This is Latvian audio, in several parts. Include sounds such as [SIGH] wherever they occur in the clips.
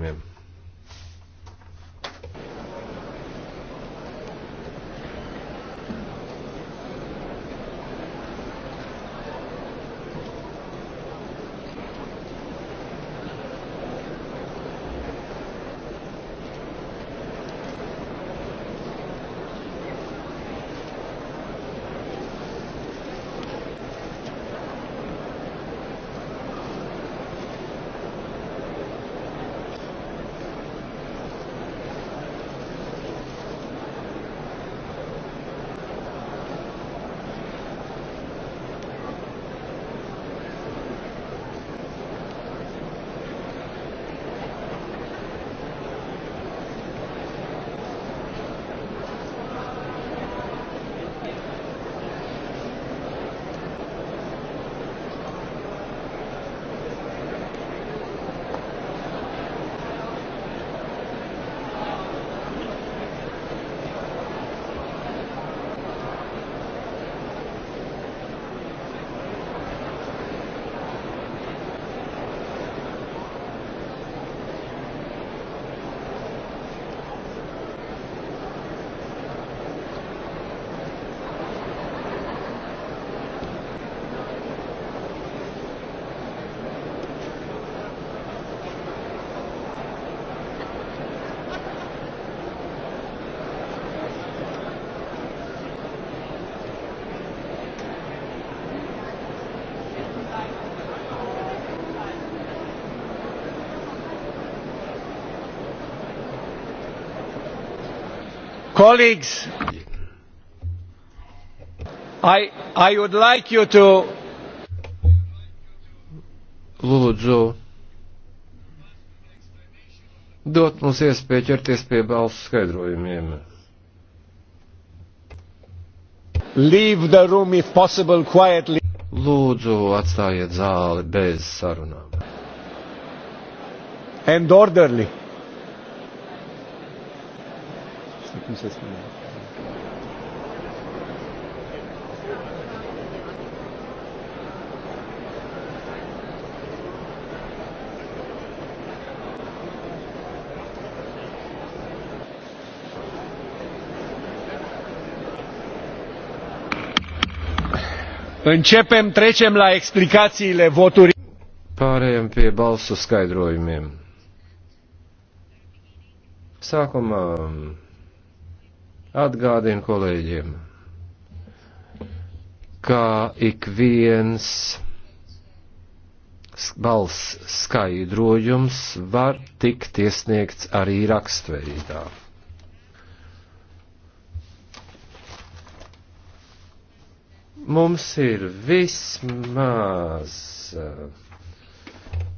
jautājumiem. Colleagues, I, I would like you to. Lūdzu, dot mums iespēju ķerties pie balsu skaidrojumiem. Leave the room if possible quietly. Lūdzu, atstājiet zāli bez sarunām. And orderly. Nous, ça se Începem, trecem la explicațiile votului. Pārējām pie balsu skaidrojumiem. Sākumā Atgādinu kolēģiem, kā ik viens balss skaidrojums var tikt iesniegts arī rakstveidā. Mums ir vismaz uh,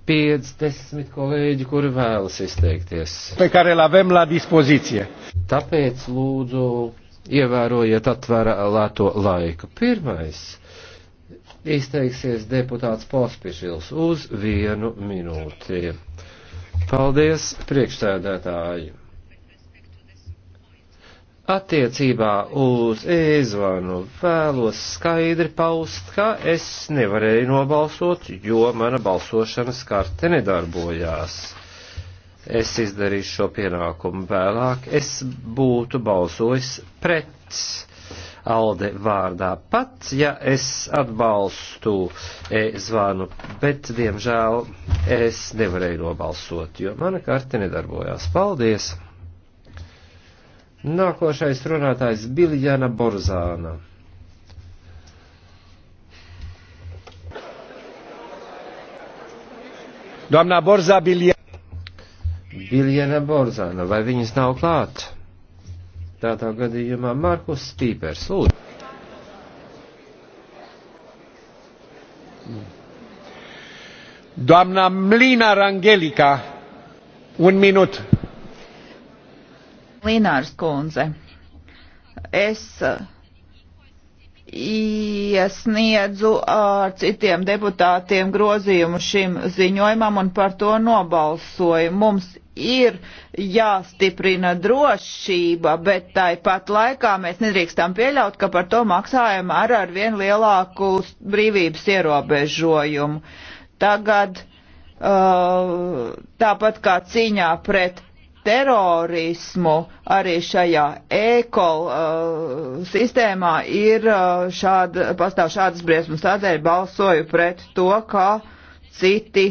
50 kolēģi, kuri vēlas izteikties. Pe care l-avem la dispozīcija. Tāpēc lūdzu ievērojiet atvērto laiku. Pirmais izteiksies deputāts Pospišils uz vienu minūti. Paldies, priekšsēdētāji! Attiecībā uz ēzvanu vēlos skaidri paust, ka es nevarēju nobalsot, jo mana balsošanas karte nedarbojās. Es izdarīšu šo pienākumu vēlāk. Es būtu balsojis pret Alde vārdā pat, ja es atbalstu e zvanu, bet, diemžēl, es nevarēju nobalsot, jo mana karte nedarbojās. Paldies! Nākošais runātājs Biljana Borzāna. Doamna Borza Biljana. Biljana Borzāna, vai viņas nav klāt? Tādā gadījumā Markus Stīpers, lūdzu. Doamna Mlina Rangelica, un minut. Linārs kundze, es uh, iesniedzu ar citiem deputātiem grozījumu šim ziņojumam un par to nobalsoju. Mums ir jāstiprina drošība, bet tāpat laikā mēs nedrīkstam pieļaut, ka par to maksājam ar ar vien lielāku brīvības ierobežojumu. Tagad, uh, tāpat kā cīņā pret terorismu arī šajā ekol uh, sistēmā ir uh, šāda, pastāv šādas briesmas. Tādēļ balsoju pret to, kā citi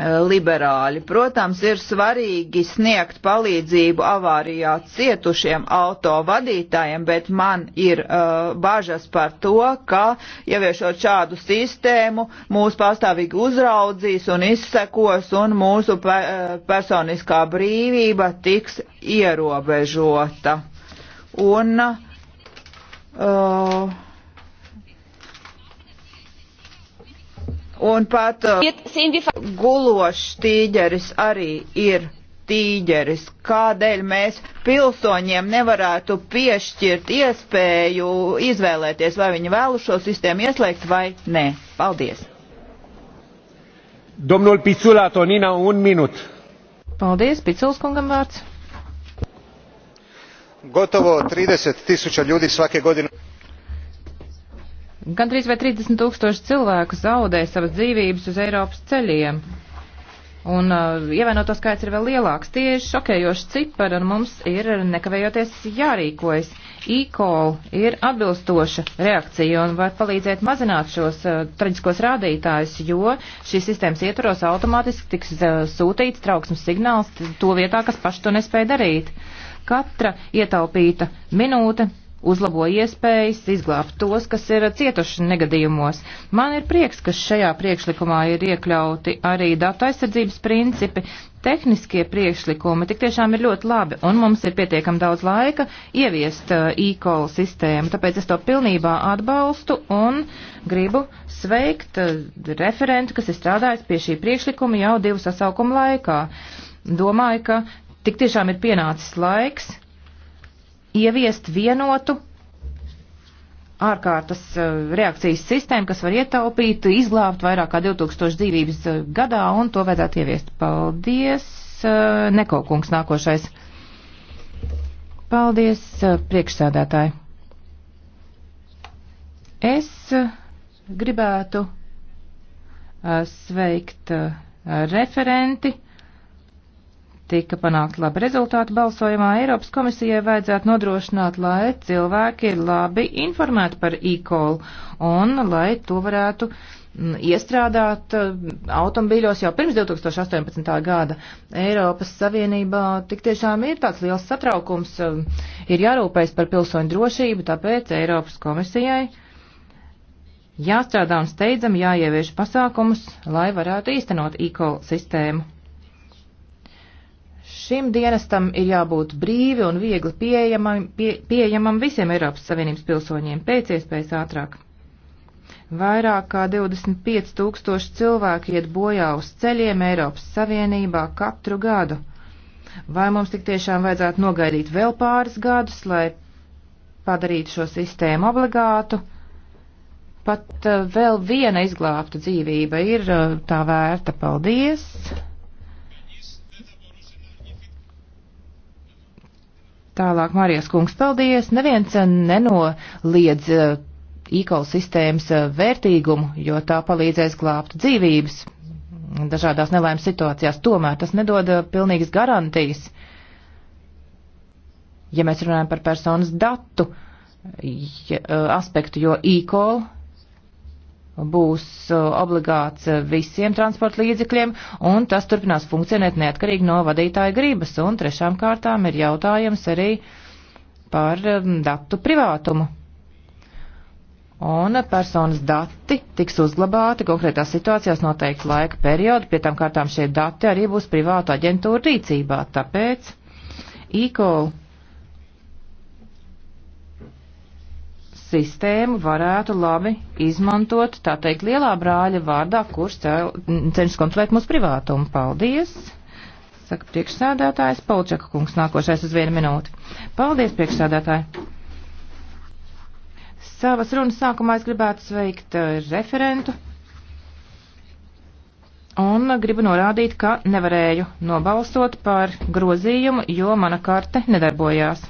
Eh, liberāļi. Protams, ir svarīgi sniegt palīdzību avārijā cietušiem autovadītājiem, bet man ir uh, bažas par to, ka ieviešot šādu sistēmu, mūs pastāvīgi uzraudzīs un izsekos un mūsu pe eh, personiskā brīvība tiks ierobežota. Un, uh, Un pat uh, gulošs tīģeris arī ir tīģeris. Kādēļ mēs pilsoņiem nevarētu piešķirt iespēju izvēlēties, vai viņi vēlu šo sistēmu ieslēgt vai nē? Paldies! Domnul Piculā, Tonina, un minūt. Paldies, Piculs kungam vārds. Gotovo 30 tisuća ljudi svake godine Gandrīz vai 30 tūkstoši cilvēku zaudē savas dzīvības uz Eiropas ceļiem. Un uh, ievainoto skaits ir vēl lielāks. Tie ir šokējoši cipari, un mums ir nekavējoties jārīkojas. E-call ir atbilstoša reakcija un var palīdzēt mazināt šos uh, traģiskos rādītājus, jo šīs sistēmas ietvaros automātiski tiks uh, sūtīts trauksmes signāls to vietā, kas paši to nespēja darīt. Katra ietaupīta minūte uzlabo iespējas izglābt tos, kas ir cietuši negadījumos. Man ir prieks, ka šajā priekšlikumā ir iekļauti arī datu aizsardzības principi, tehniskie priekšlikumi tik tiešām ir ļoti labi, un mums ir pietiekami daudz laika ieviest uh, e-call sistēmu, tāpēc es to pilnībā atbalstu un gribu sveikt uh, referentu, kas ir strādājis pie šī priekšlikuma jau divu sasaukumu laikā. Domāju, ka tik tiešām ir pienācis laiks ieviest vienotu ārkārtas eh, reakcijas sistēmu, kas var ietaupīt, izglābt vairāk kā 2000 dzīvības eh, gadā, un to vajadzētu ieviest. Paldies, eh, Neko kungs nākošais. Paldies, priekšsēdētāji. Es gribētu sveikt referenti tika panākt labi rezultāti balsojumā, Eiropas komisijai vajadzētu nodrošināt, lai cilvēki ir labi informēti par e-call un lai to varētu mm, iestrādāt mm, automobīļos jau pirms 2018. gada. Eiropas Savienībā tik tiešām ir tāds liels satraukums, mm, ir jārūpējas par pilsoņu drošību, tāpēc Eiropas komisijai jāstrādā un steidzam jāievieš pasākumus, lai varētu īstenot e-call sistēmu. Šim dienestam ir jābūt brīvi un viegli pieejamam, pie, pieejamam visiem Eiropas Savienības pilsoņiem pēc iespējas ātrāk. Vairāk kā 25 tūkstoši cilvēki iet bojā uz ceļiem Eiropas Savienībā katru gadu. Vai mums tik tiešām vajadzētu nogaidīt vēl pāris gadus, lai padarītu šo sistēmu obligātu? Pat eh, vēl viena izglābta dzīvība ir eh, tā vērta. Paldies! Tālāk Marijas kungs, paldies. Neviens eh, nenoliedz eh, e-call sistēmas eh, vērtīgumu, jo tā palīdzēs glābt dzīvības dažādās nelaimes situācijās. Tomēr tas nedod pilnīgas garantijas. Ja mēs runājam par personas datu ja, aspektu, jo e-call būs uh, obligāts uh, visiem transporta līdzekļiem, un tas turpinās funkcionēt neatkarīgi no vadītāja gribas. Un trešām kārtām ir jautājums arī par um, datu privātumu. Un personas dati tiks uzglabāti konkrētās situācijās noteikti laika periodu, pie tam kārtām šie dati arī būs privāta aģentūra rīcībā, tāpēc e-call sistēmu varētu labi izmantot, tā teikt, lielā brāļa vārdā, kurš cenšas kontrolēt mūsu privātumu. Paldies! Saka priekšsēdētājs Polčaka kungs nākošais uz vienu minūti. Paldies, priekšsēdētāji! Savas runas sākumā es gribētu sveikt eh, referentu un gribu norādīt, ka nevarēju nobalsot par grozījumu, jo mana karte nedarbojās.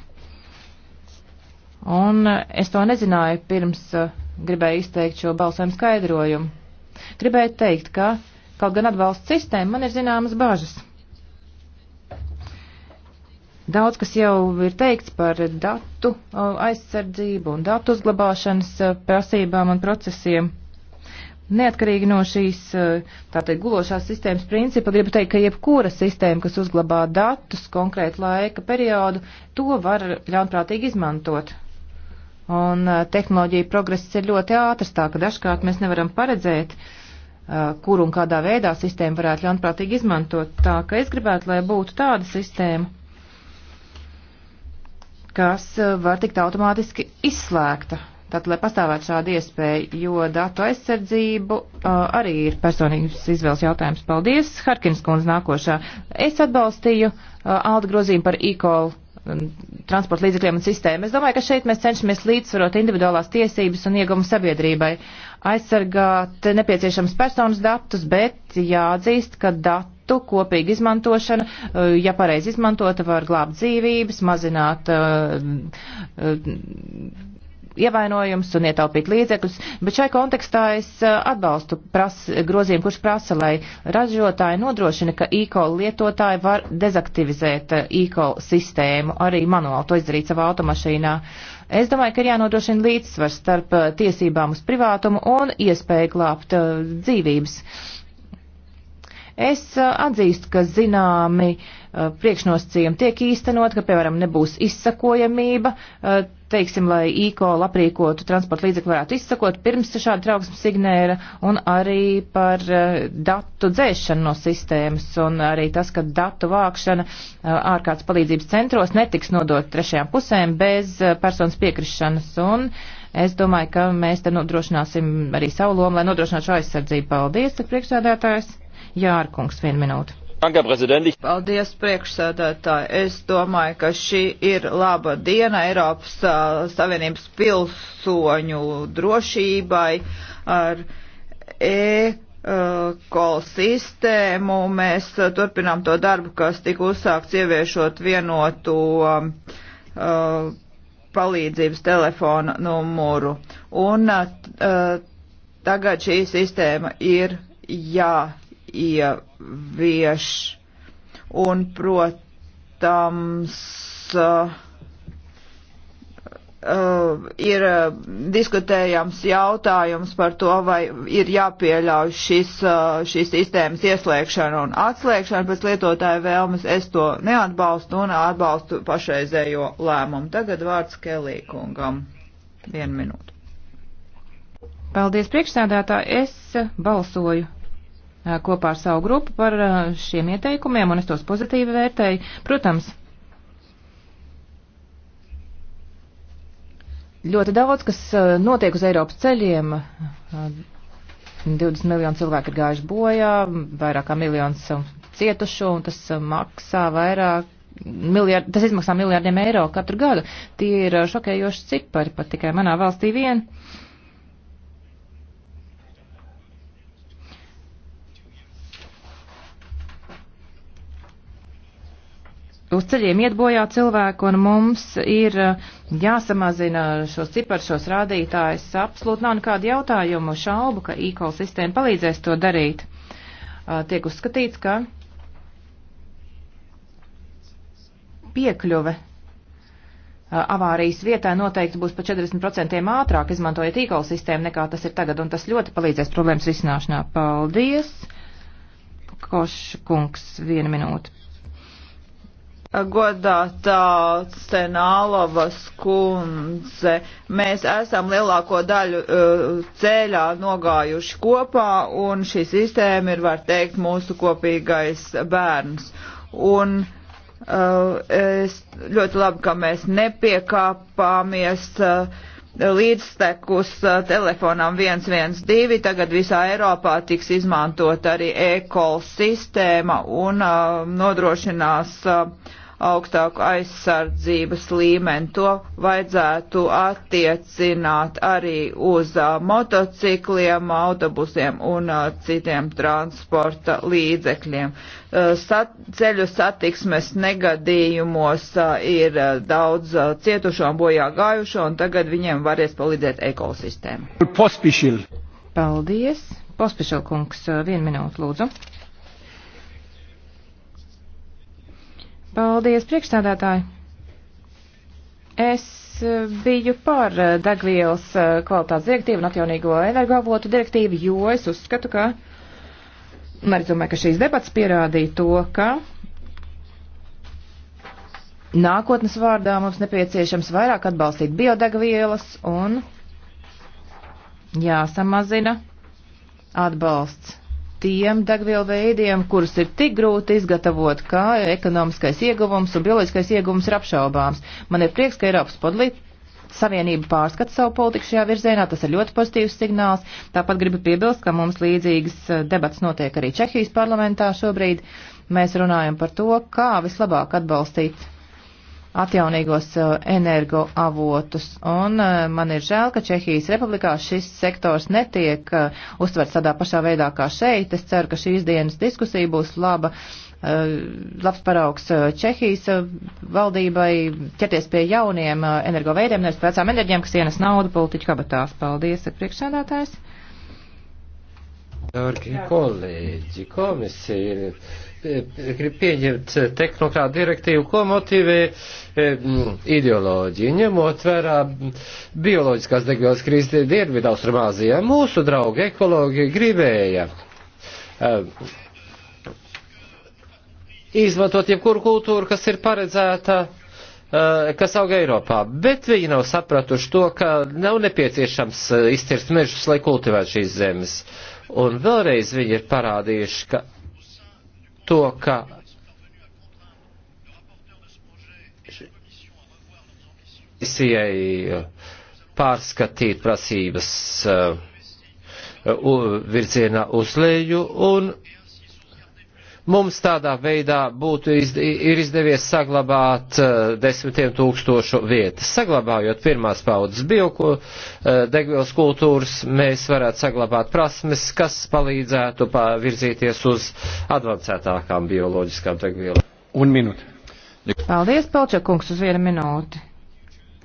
Un eh, es to nezināju pirms eh, gribēju izteikt šo balsojumu skaidrojumu. Gribēju teikt, ka kaut gan atbalsta sistēma, man ir zināmas bažas. Daudz kas jau ir teikts par datu eh, aizsardzību un datu uzglabāšanas prasībām un procesiem. Neatkarīgi no šīs tātad gulošās sistēmas principa, gribu teikt, ka jebkura sistēma, kas uzglabā datus konkrētu laika periodu, to var ļaunprātīgi izmantot un uh, tehnoloģija progress ir ļoti ātrs, tā ka dažkārt mēs nevaram paredzēt, uh, kur un kādā veidā sistēma varētu ļaunprātīgi izmantot. Tā ka es gribētu, lai būtu tāda sistēma, kas uh, var tikt automātiski izslēgta. Tātad, lai pastāvētu šāda iespēja, jo datu aizsardzību uh, arī ir personīgas izvēles jautājums. Paldies, Harkins kundze nākošā. Es atbalstīju uh, Alda grozījumu par e-call transporta līdzekļiem un sistēmu. Es domāju, ka šeit mēs cenšamies līdzsvarot individuālās tiesības un iegumu sabiedrībai, aizsargāt nepieciešams personas datus, bet jāatzīst, ka datu kopīga izmantošana, eh, ja pareizi izmantota, var glābt dzīvības, mazināt uh, uh, ievainojums un ietaupīt līdzekļus, bet šai kontekstā es eh, atbalstu pras, grozījumu, kurš prasa, lai ražotāji nodrošina, ka e-call lietotāji var dezaktivizēt eh, e-call sistēmu, arī manuāli to izdarīt savā automašīnā. Es domāju, ka ir jānodrošina līdzsvars starp eh, tiesībām uz privātumu un iespēju glābt dzīvības. Es atzīstu, ka zināmi priekšnosacījumi tiek īstenot, ka, piemēram, nebūs izsakojamība teiksim, lai e-call aprīkotu transporta līdzekļu varētu izsakot pirms šāda trauksmes signēra un arī par eh, datu dzēšanu no sistēmas un arī tas, ka datu vākšana eh, ārkārtas palīdzības centros netiks nodot trešajām pusēm bez eh, personas piekrišanas un es domāju, ka mēs te nodrošināsim arī savu lomu, lai nodrošinātu šo aizsardzību. Paldies, priekšsēdētājs. Jārkungs, vienu minūtu. Paldies, priekšsēdētāji. Es domāju, ka šī ir laba diena Eiropas Savienības pilsoņu drošībai ar e kol sistēmu. Mēs turpinām to darbu, kas tika uzsākts ieviešot vienotu uh, palīdzības telefona numuru. Un uh, tagad šī sistēma ir jā ievieš. Un, protams, uh, uh, ir diskutējams jautājums par to, vai ir jāpieļauj šis, uh, šīs sistēmas ieslēgšana un atslēgšana pēc lietotāja vēlmes. Es to neatbalstu un atbalstu pašreizējo lēmumu. Tagad vārds Kelī kungam. Vienu minūtu. Paldies priekšsēdētā. Es balsoju kopā ar savu grupu par šiem ieteikumiem, un es tos pozitīvi vērtēju. Protams, ļoti daudz, kas notiek uz Eiropas ceļiem. 20 miljoni cilvēku ir gājuši bojā, vairāk kā miljons cietušo, un tas maksā vairāk. Miljard, tas izmaksā miljārdiem eiro katru gadu. Tie ir šokējoši cipari, pat tikai manā valstī vien. Uh, uz ceļiem iet bojā cilvēku, un mums ir eh, jāsamazina šos ciparus, šos rādītājus. Absolūti nav nekādu jautājumu šaubu, ka e-call sistēma palīdzēs to darīt. Eh, tiek uzskatīts, ka piekļuve eh, avārijas vietā noteikti būs pa 40% ātrāk, izmantojot e-call sistēmu, nekā tas ir tagad, un tas ļoti palīdzēs problēmas risināšanā. Paldies! Koškungs, viena minūte. Godātā Senālovas kundze, mēs esam lielāko daļu uh, ceļā nogājuši kopā, un šī sistēma ir, var teikt, mūsu kopīgais bērns. Un uh, es ļoti labi, ka mēs nepiekāpāmies uh, līdztekus telefonam 112, tagad visā Eiropā tiks izmantot arī e-call sistēma un nodrošinās augstāku aizsardzības līmeni. To vajadzētu attiecināt arī uz motocikliem, autobusiem un citiem transporta līdzekļiem. Sat, ceļu satiksmes negadījumos ir daudz cietušo un bojā gājušo, un tagad viņiem varēs palīdzēt ekosistēma. Pospišil. Paldies. Pospišil kungs, vienu minūtu lūdzu. Paldies, priekšstādātāji! Es eh, biju par eh, degvielas eh, kvalitātes direktīvu un atjaunīgo energoavotu direktīvu, jo es uzskatu, ka, un arī domāju, ka šīs debats pierādīja to, ka nākotnes vārdā mums nepieciešams vairāk atbalstīt biodegvielas un jāsamazina atbalsts tiem degvielu veidiem, kurus ir tik grūti izgatavot, kā ekonomiskais ieguvums un bioloģiskais ieguvums ir apšaubāms. Man ir prieks, ka Eiropas podlīt. Savienība pārskata savu politiku šajā virzienā, tas ir ļoti pozitīvs signāls. Tāpat gribu piebilst, ka mums līdzīgas e, debats notiek arī Čehijas parlamentā šobrīd. Mēs runājam par to, kā vislabāk atbalstīt atjaunīgos uh, energoavotus. Un uh, man ir žēl, ka Čehijas republikā šis sektors netiek uh, uztverts tādā pašā veidā kā šeit. Es ceru, ka šīs dienas diskusija būs laba, labs paraugs Čehijas valdībai ķerties pie jauniem energoveidiem, nevis vecām enerģijām, kas ienes naudu politiķu kabatās. Paldies, priekšsēdētājs. Dārgie kolēģi, komisija grib pieņemt tehnokrāta direktīvu, ko motivē e, ideoloģija, ņemot vērā bioloģiskās degvielas krīzes Dienvidaustrumāzijā. Mūsu draugi ekologi gribēja e, izmantot jebkuru kultūru, kas ir paredzēta e, kas auga Eiropā, bet viņi nav sapratuši to, ka nav nepieciešams izcirst mežus, lai kultivētu šīs zemes. Un vēlreiz viņi ir parādījuši, ka to, ka komisijai uh, pārskatīt prasības uh, virzienā uz leju un Mums tādā veidā būtu izd ir izdevies saglabāt uh, desmitiem tūkstošu vietas. Saglabājot pirmās paudzes bioku uh, eh, degvielas kultūras, mēs varētu saglabāt prasmes, kas palīdzētu virzīties uz advancētākām bioloģiskām degvielām. Un minūte. Paldies, Palčakungs, uz vienu minūti.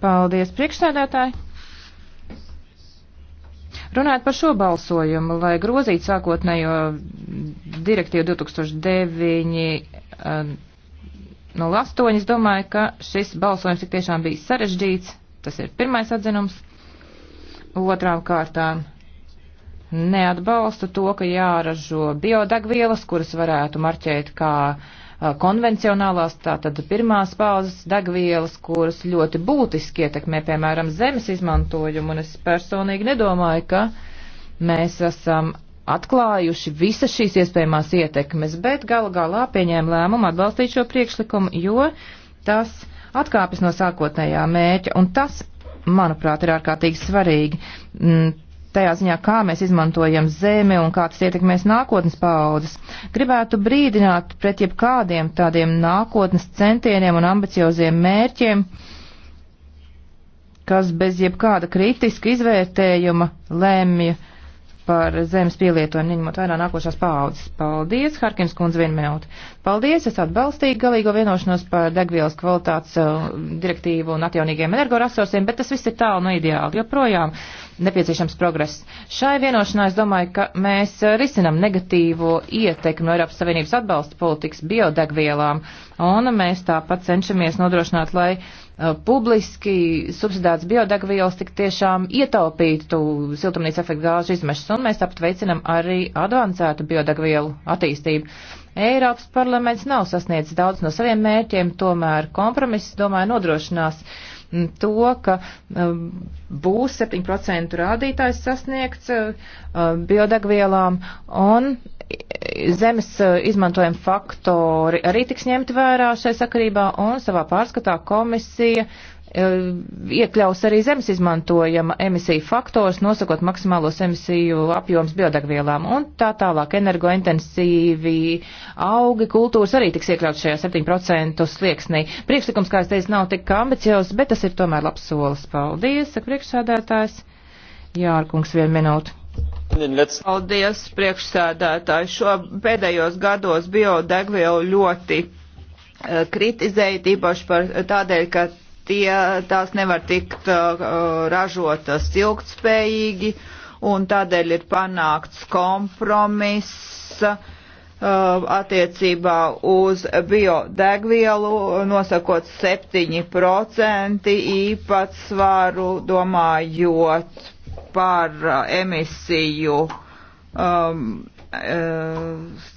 Paldies, priekšsēdētāji! Runājot par šo balsojumu, lai grozītu sākotnējo direktīvu 2009 eh, no 8, es domāju, ka šis balsojums tik tiešām bija sarežģīts. Tas ir pirmais atzinums. Otrām kārtām neatbalstu to, ka jāražo biodegvielas, kuras varētu marķēt kā uh, konvencionālās, tātad pirmās pauzes degvielas, kuras ļoti būtiski ietekmē, piemēram, zemes izmantojumu, un es personīgi nedomāju, ka mēs esam atklājuši visas šīs iespējamās ietekmes, bet gal galā pieņēma lēmumu atbalstīt šo priekšlikumu, jo tas atkāpjas no sākotnējā mēķa, un tas, manuprāt, ir ārkārtīgi svarīgi. Mm, tajā ziņā, kā mēs izmantojam zemi un kā tas ietekmēs nākotnes paaudzes. Gribētu brīdināt pret jebkādiem tādiem nākotnes centieniem un ambicioziem mērķiem, kas bez jebkāda kritiska izvērtējuma lēmja par zemes pielietojumu, neņemot vērā nākošās paaudzes. Paldies, Harkins kundze, vienu minūti. Paldies, es atbalstīju galīgo vienošanos par degvielas kvalitātes uh, direktīvu un atjaunīgiem energoresursiem, bet tas viss ir tālu no ideāla. Joprojām nepieciešams progress. Šai vienošanā es domāju, ka mēs risinam negatīvo ietekmi no Eiropas Savienības atbalsta politikas biodegvielām, un mēs tāpat cenšamies nodrošināt, lai Eh, publiski subsidētas biodegvielas tik tiešām ietaupītu siltumnīca efekta gāžu izmešas, un mēs tāpat veicinam arī advancētu biodegvielu attīstību. Eiropas parlaments nav sasniedzis daudz no saviem mērķiem, tomēr kompromiss, domāju, nodrošinās uh, to, ka um, būs 7% rādītājs sasniegts uh, um, biodegvielām un zemes uh, izmantojuma faktori arī tiks ņemti vērā šai sakarībā un savā pārskatā komisija uh, iekļaus arī zemes izmantojama emisiju faktors, nosakot maksimālos emisiju apjoms biodegvielām un tā tālāk energointensīvi augi, kultūras arī tiks iekļauts šajā 7% slieksnī. Priekšlikums, kā es teicu, nav tik ambiciozs, bet tas ir tomēr labs solis. Paldies, saka priekšsādātājs. Jārkungs, vienu minūtu. Paldies, priekšsēdētāji. Šo pēdējos gados biodegvielu ļoti eh, kritizēja, tīpaši par tādēļ, ka tie, tās nevar tikt uh, uh, ražotas ilgtspējīgi, un tādēļ ir panākts kompromiss uh, attiecībā uz biodegvielu, nosakot 7% īpatsvaru, domājot par uh, emisiju um, uh,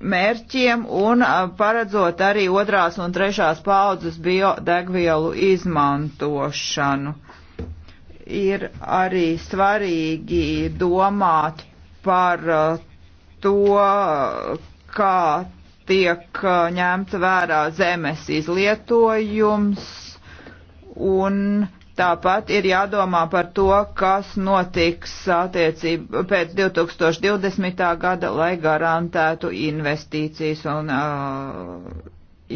mērķiem un paredzot arī otrās un trešās paudzes biodegvielu izmantošanu. Ir arī svarīgi domāt par to, kā tiek ņemta vērā zemes izlietojums un Tāpat ir jādomā par to, kas notiks attiecību pēc 2020. gada, lai garantētu investīcijas un uh,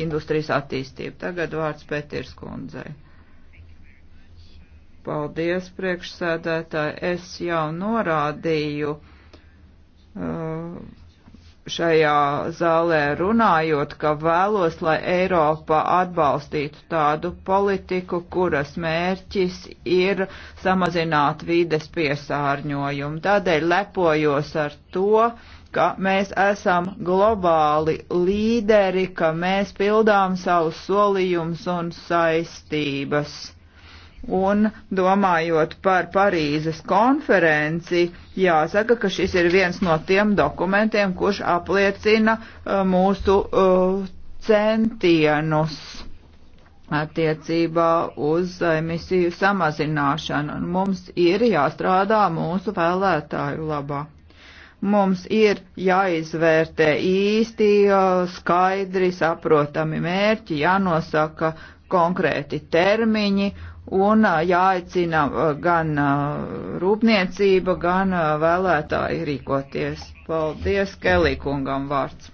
industrijas attīstību. Tagad vārds Petirs kundzei. Paldies, priekšsēdētāji. Es jau norādīju. Uh, šajā zālē runājot, ka vēlos, lai Eiropa atbalstītu tādu politiku, kuras mērķis ir samazināt vides piesārņojumu. Tādēļ lepojos ar to, ka mēs esam globāli līderi, ka mēs pildām savus solījumus un saistības Un domājot par Parīzes konferenci, jāsaka, ka šis ir viens no tiem dokumentiem, kurš apliecina uh, mūsu uh, centienus attiecībā uz uh, emisiju samazināšanu. Un mums ir jāstrādā mūsu vēlētāju labā mums ir jāizvērtē īsti, skaidri, saprotami mērķi, jānosaka konkrēti termiņi un jāaicina gan rūpniecība, gan vēlētāji rīkoties. Paldies, Kelīkungam vārds.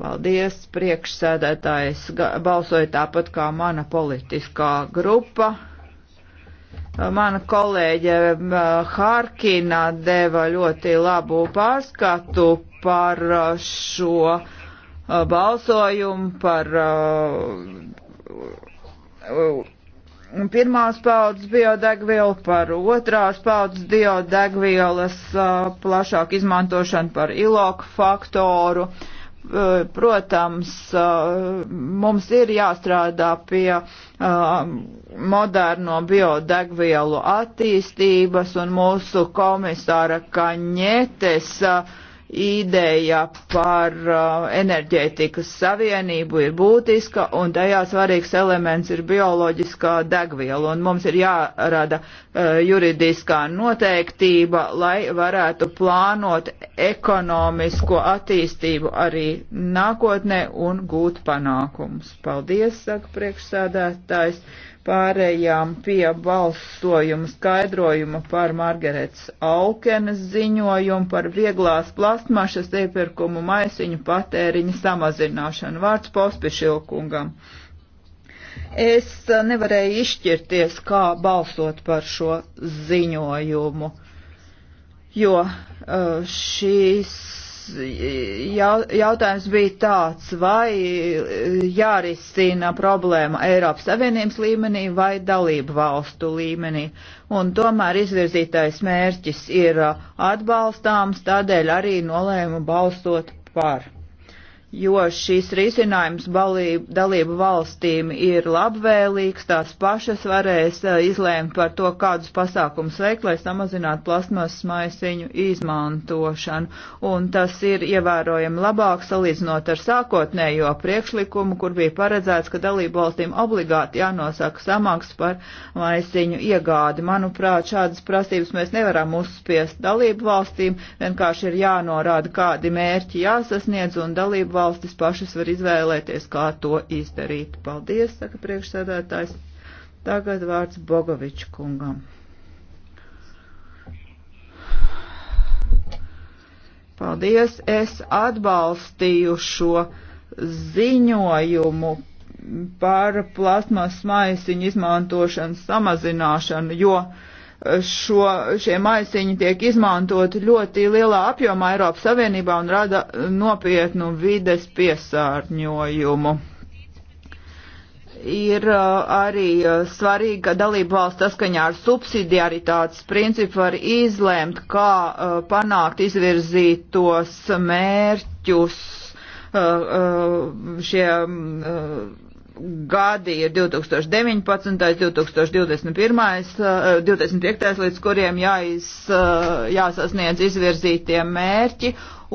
Paldies, priekšsēdētājs balsoja tāpat kā mana politiskā grupa. Mana kolēģe Harkina deva ļoti labu pārskatu par šo balsojumu, par pirmās paudzes biodegvielu, par otrās paudzes biodegvielas plašāku izmantošanu, par iloku faktoru. Protams, mums ir jāstrādā pie moderno biodegvielu attīstības un mūsu komisāra Kaņetes. Uh, ideja par uh, enerģētikas savienību ir būtiska, un tajā svarīgs elements ir bioloģiskā degviela, un mums ir jārada uh, juridiskā noteiktība, lai varētu plānot ekonomisko attīstību arī nākotnē un gūt panākumus. Paldies, saka priekšsēdētājs pārējām pie balsojuma skaidrojuma par Margaretas Aukenes ziņojumu par vieglās plastmašas iepirkumu maisiņu patēriņa samazināšanu. Vārds Pospišilkungam. Es nevarēju izšķirties, kā balsot par šo ziņojumu, jo uh, šīs jautājums bija tāds, vai jārisina problēma Eiropas Savienības līmenī vai dalību valstu līmenī. Un tomēr izvirzītais mērķis ir atbalstāms, tādēļ arī nolēmu balsot par jo šīs risinājums balību, dalību valstīm ir labvēlīgs, tās pašas varēs izlēmt par to, kādus pasākumus veikt, lai samazinātu plasmasas maisiņu izmantošanu. Un tas ir ievērojami labāk salīdzinot ar sākotnējo priekšlikumu, kur bija paredzēts, ka dalību valstīm obligāti jānosaka samaks par maisiņu iegādi. Manuprāt, šādas prasības mēs nevaram uzspiest dalību valstīm, vienkārši ir jānorāda, kādi mērķi jāsasniedz un dalību valstis pašas var izvēlēties, kā to izdarīt. Paldies, saka priekšsēdētājs. Tagad vārds Bogoviču kungam. Paldies, es atbalstīju šo ziņojumu par plasmas maisiņu izmantošanas samazināšanu, jo uh, šo, šie maisiņi tiek izmantoti ļoti lielā apjomā Eiropas Savienībā un rada nopietnu vides piesārņojumu. Ir uh, arī uh, svarīgi, ka dalība valsts saskaņā ar subsidiaritātes principu var izlēmt, kā uh, panākt izvirzītos mērķus šie mm, gadi ir 2019, 2021, 2025, līdz kuriem jāiz, eh, jāsasniedz izvirzītie mērķi,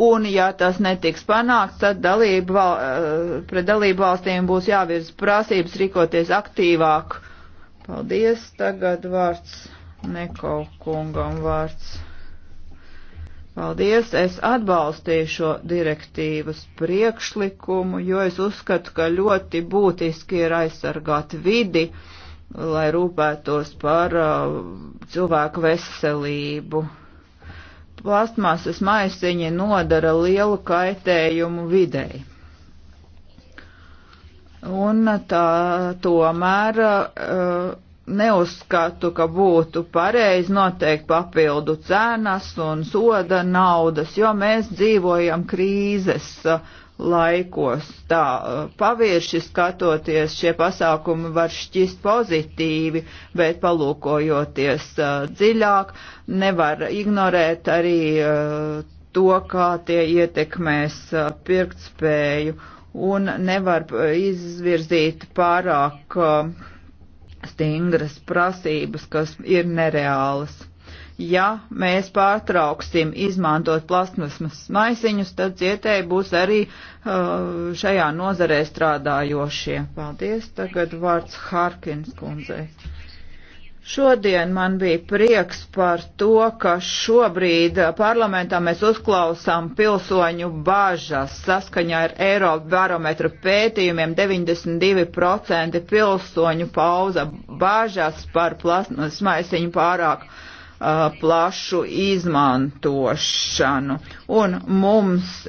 un ja tas netiks panākts, tad dalību, eh, pret dalību valstīm būs jāvirz prasības rīkoties aktīvāk. Paldies, tagad vārds Neko kungam vārds. Paldies, es atbalstīju šo direktīvas priekšlikumu, jo es uzskatu, ka ļoti būtiski ir aizsargāt vidi, lai rūpētos par uh, cilvēku veselību. Plastmasas maisiņi nodara lielu kaitējumu videi. Un tā tomēr uh, neuzskatu, ka būtu pareizi noteikt papildu cenas un soda naudas, jo mēs dzīvojam krīzes uh, laikos. Tā uh, pavirši skatoties, šie pasākumi var šķist pozitīvi, bet palūkojoties uh, dziļāk, nevar ignorēt arī to, kā tie ietekmēs pirktspēju un nevar izvirzīt pārāk uh, stingras prasības, kas ir nereālas. Ja mēs pārtrauksim izmantot plasmasmas maisiņus, tad cietēji būs arī uh, šajā nozarē strādājošie. Paldies, tagad vārds Harkins kundzei. Šodien man bija prieks par to, ka šobrīd parlamentā mēs uzklausām pilsoņu bažas. Saskaņā ar Eiropa barometru pētījumiem 92% pilsoņu pauza bažas par plasmas maisiņu pārāk uh, plašu izmantošanu. Un mums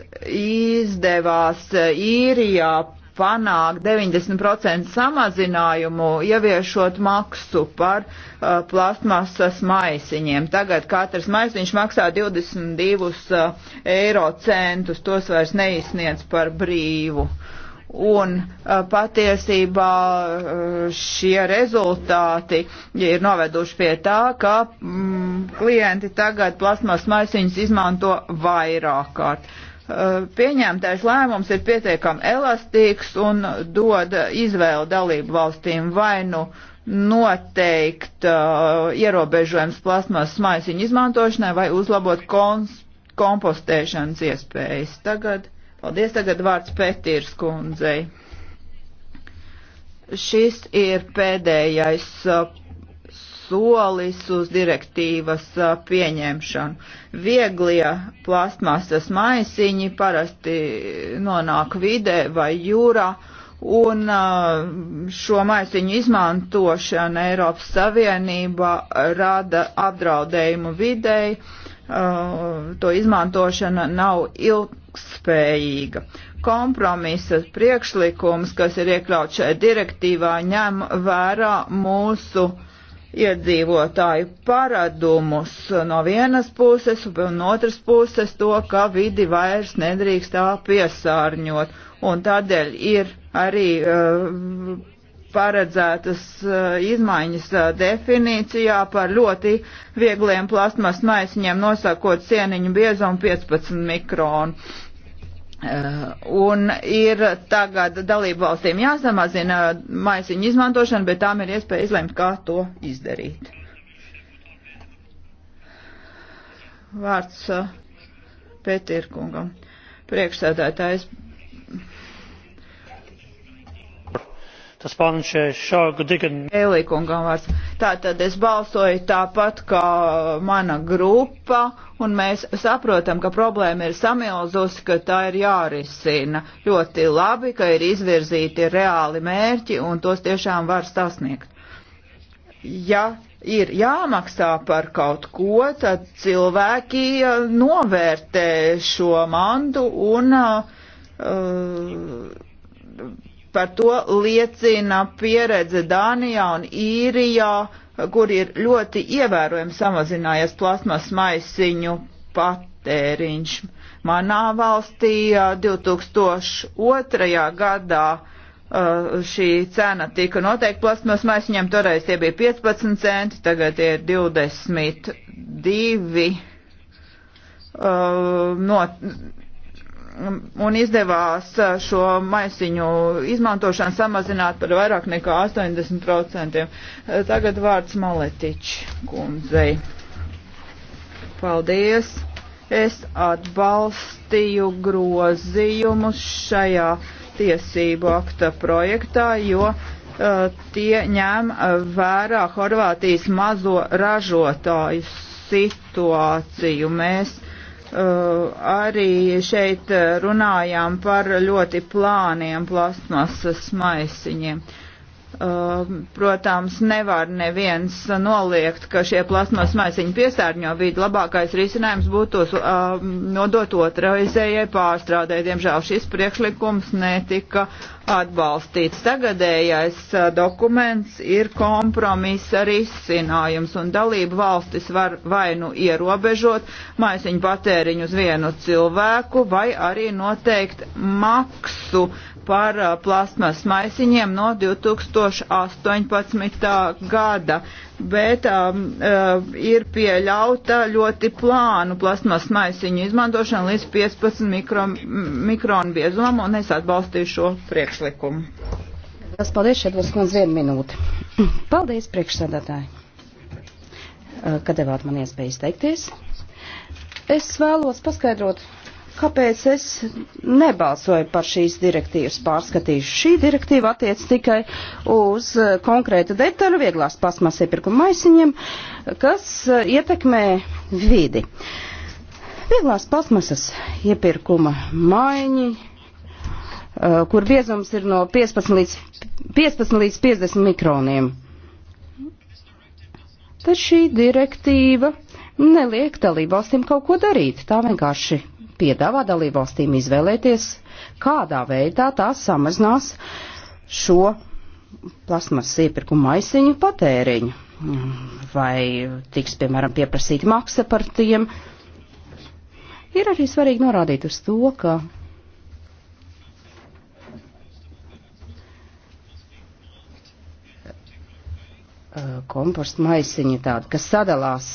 izdevās īrijā panākt 90% samazinājumu, ieviešot maksu par uh, plastmasas maisiņiem. Tagad katrs maisiņš maksā 22 uh, eiro centus, tos vairs neizsniedz par brīvu. Un uh, patiesībā uh, šie rezultāti ir noveduši pie tā, ka mm, klienti tagad plasmas maisiņus izmanto vairāk kārt. Uh, Eh, pieņemtais lēmums ir pietiekami elastīgs un dod izvēlu dalību valstīm vai nu noteikt uh, ierobežojums plasmas maisiņu izmantošanai vai uzlabot kompostēšanas iespējas. Tagad, paldies, tagad vārds Pētīrs kundzei. Šis ir pēdējais uh, solis uz direktīvas pieņemšanu. Vieglie plastmasas maisiņi parasti nonāk vidē vai jūrā, un šo maisiņu izmantošana Eiropas Savienībā rada apdraudējumu videi, to izmantošana nav ilgspējīga kompromisa priekšlikums, kas ir iekļauts šajā direktīvā, ņem vērā mūsu uh, iedzīvotāju paradumus no vienas puses un no otras puses to, ka vidi vairs nedrīkst tā piesārņot. Un tādēļ ir arī uh, paredzētas uh, izmaiņas uh, definīcijā par ļoti viegliem plasmas maisiņiem nosakot sieniņu biezumu 15 mikronu. Eh, un ir tagad dalību valstīm jāsamazina maisiņu izmantošana, bet tām ir iespēja izlemt, kā to izdarīt. Vārds eh, Pētirkungam. Priekšsēdētājs Tas panšē šāgu digenu. Ēlīkungam vārds. Tātad es balsoju tāpat kā mana grupa, un mēs saprotam, ka problēma ir samilzusi, ka tā ir jārisina. Ļoti labi, ka ir izvirzīti reāli mērķi, un tos tiešām var sasniegt. Ja ir jāmaksā par kaut ko, tad cilvēki uh, novērtē šo mantu un uh, uh Par to liecina pieredze Dānijā un Īrijā, kur ir ļoti ievērojami samazinājies plasmas maisiņu patēriņš. Manā valstī 2002. gadā šī cena tika noteikti plasmas maisiņiem, toreiz tie bija 15 centi, tagad tie ir 22. Uh, no, un izdevās uh, šo maisiņu izmantošanu samazināt par vairāk nekā 80%. Uh, tagad vārds Maletič kundzei. Paldies! Es atbalstīju grozījumus šajā tiesību akta projektā, jo uh, tie ņem uh, vērā Horvātijas mazo ražotāju situāciju. Mēs Eh, arī šeit eh, runājām par ļoti plāniem plasmasas maisiņiem. Uh, Um, protams, nevar neviens noliegt, ka šie plasmas maisiņi piesārņo vidi. Labākais risinājums būtu tos um, nodot otraizējai pārstrādē. Diemžēl šis priekšlikums netika atbalstīts. Tagadējais uh, dokuments ir kompromisa risinājums, un dalību valstis var vai nu ierobežot maisiņu patēriņu uz vienu cilvēku, vai arī noteikt maksu par uh, plasmas maisiņiem no 2018. gada, bet um, uh, ir pieļauta ļoti plānu plasmas maisiņu izmantošana līdz 15 mikro, mikronu biezumam, un es atbalstīju šo priekšlikumu. Es paldies, šeit būs kundz vienu minūti. [CLEARS THROAT] Paldies, priekšsēdētāji, uh, ka devāt man iespēju izteikties. Es vēlos paskaidrot kāpēc es nebalsoju par šīs direktīvas pārskatīšanu. Šī direktīva attiec tikai uz eh, konkrētu detaļu vieglās plasmas iepirkuma maisiņiem, kas eh, ietekmē vidi. Vieglās plasmasas iepirkuma maiņi, eh, kur biezums ir no 15 līdz, 15 līdz 50 mikroniem. Tad šī direktīva neliek dalībvalstīm kaut ko darīt. Tā vienkārši piedāvā dalībvalstīm izvēlēties, kādā veidā tās samazinās šo plasmas iepirkumu maisiņu patēriņu. Vai tiks, piemēram, pieprasīta maksa par tiem. Ir arī svarīgi norādīt uz to, ka kompostu maisiņi tādi, kas sadalās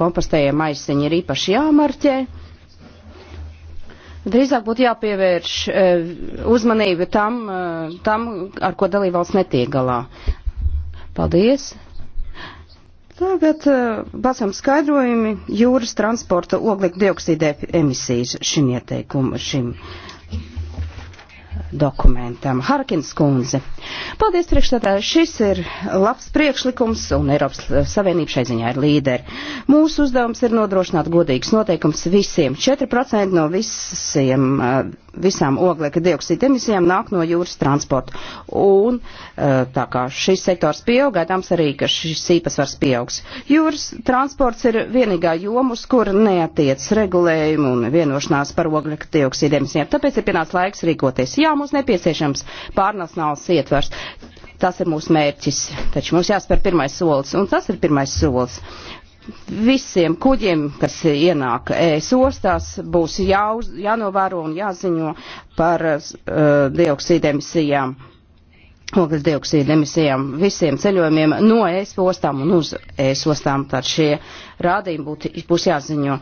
Kompostējie maisiņi ir īpaši jāmarķē. Drīzāk būtu jāpievērš e, uzmanība tam, e, tam ar ko dalībvalsts netiek galā. Paldies! Tagad e, basam skaidrojumi jūras transporta oglekļa dioksīda emisijas šim ieteikumu, šim dokumentam. Harkins kundze. Paldies, priekšstādāji. Šis ir labs priekšlikums un Eiropas Savienība šai ziņā ir līderi. Mūsu uzdevums ir nodrošināt godīgs noteikums visiem. 4% no visiem. Uh, visām ogleka dioksīda emisijām nāk no jūras transporta. Un e, tā kā šis sektors pieaug, gaidāms arī, ka šis īpatsvars pieaugs. Jūras transports ir vienīgā joma, uz kur neatiec regulējumu un vienošanās par ogleka dioksīda emisijām. Tāpēc ir pienācis laiks rīkoties. Jā, mums nepieciešams pārnacionāls ietvars. Tas ir mūsu mērķis, taču mums jāspēr pirmais solis, un tas ir pirmais solis visiem kuģiem, kas ienāk ēs ostās, būs jau, jānovēro un jāziņo par uh, dioksīda emisijām, ogles dioksīda emisijām visiem ceļojumiem no ēs ostām un uz ēs ostām. Tad šie rādījumi būt, būs jāziņo.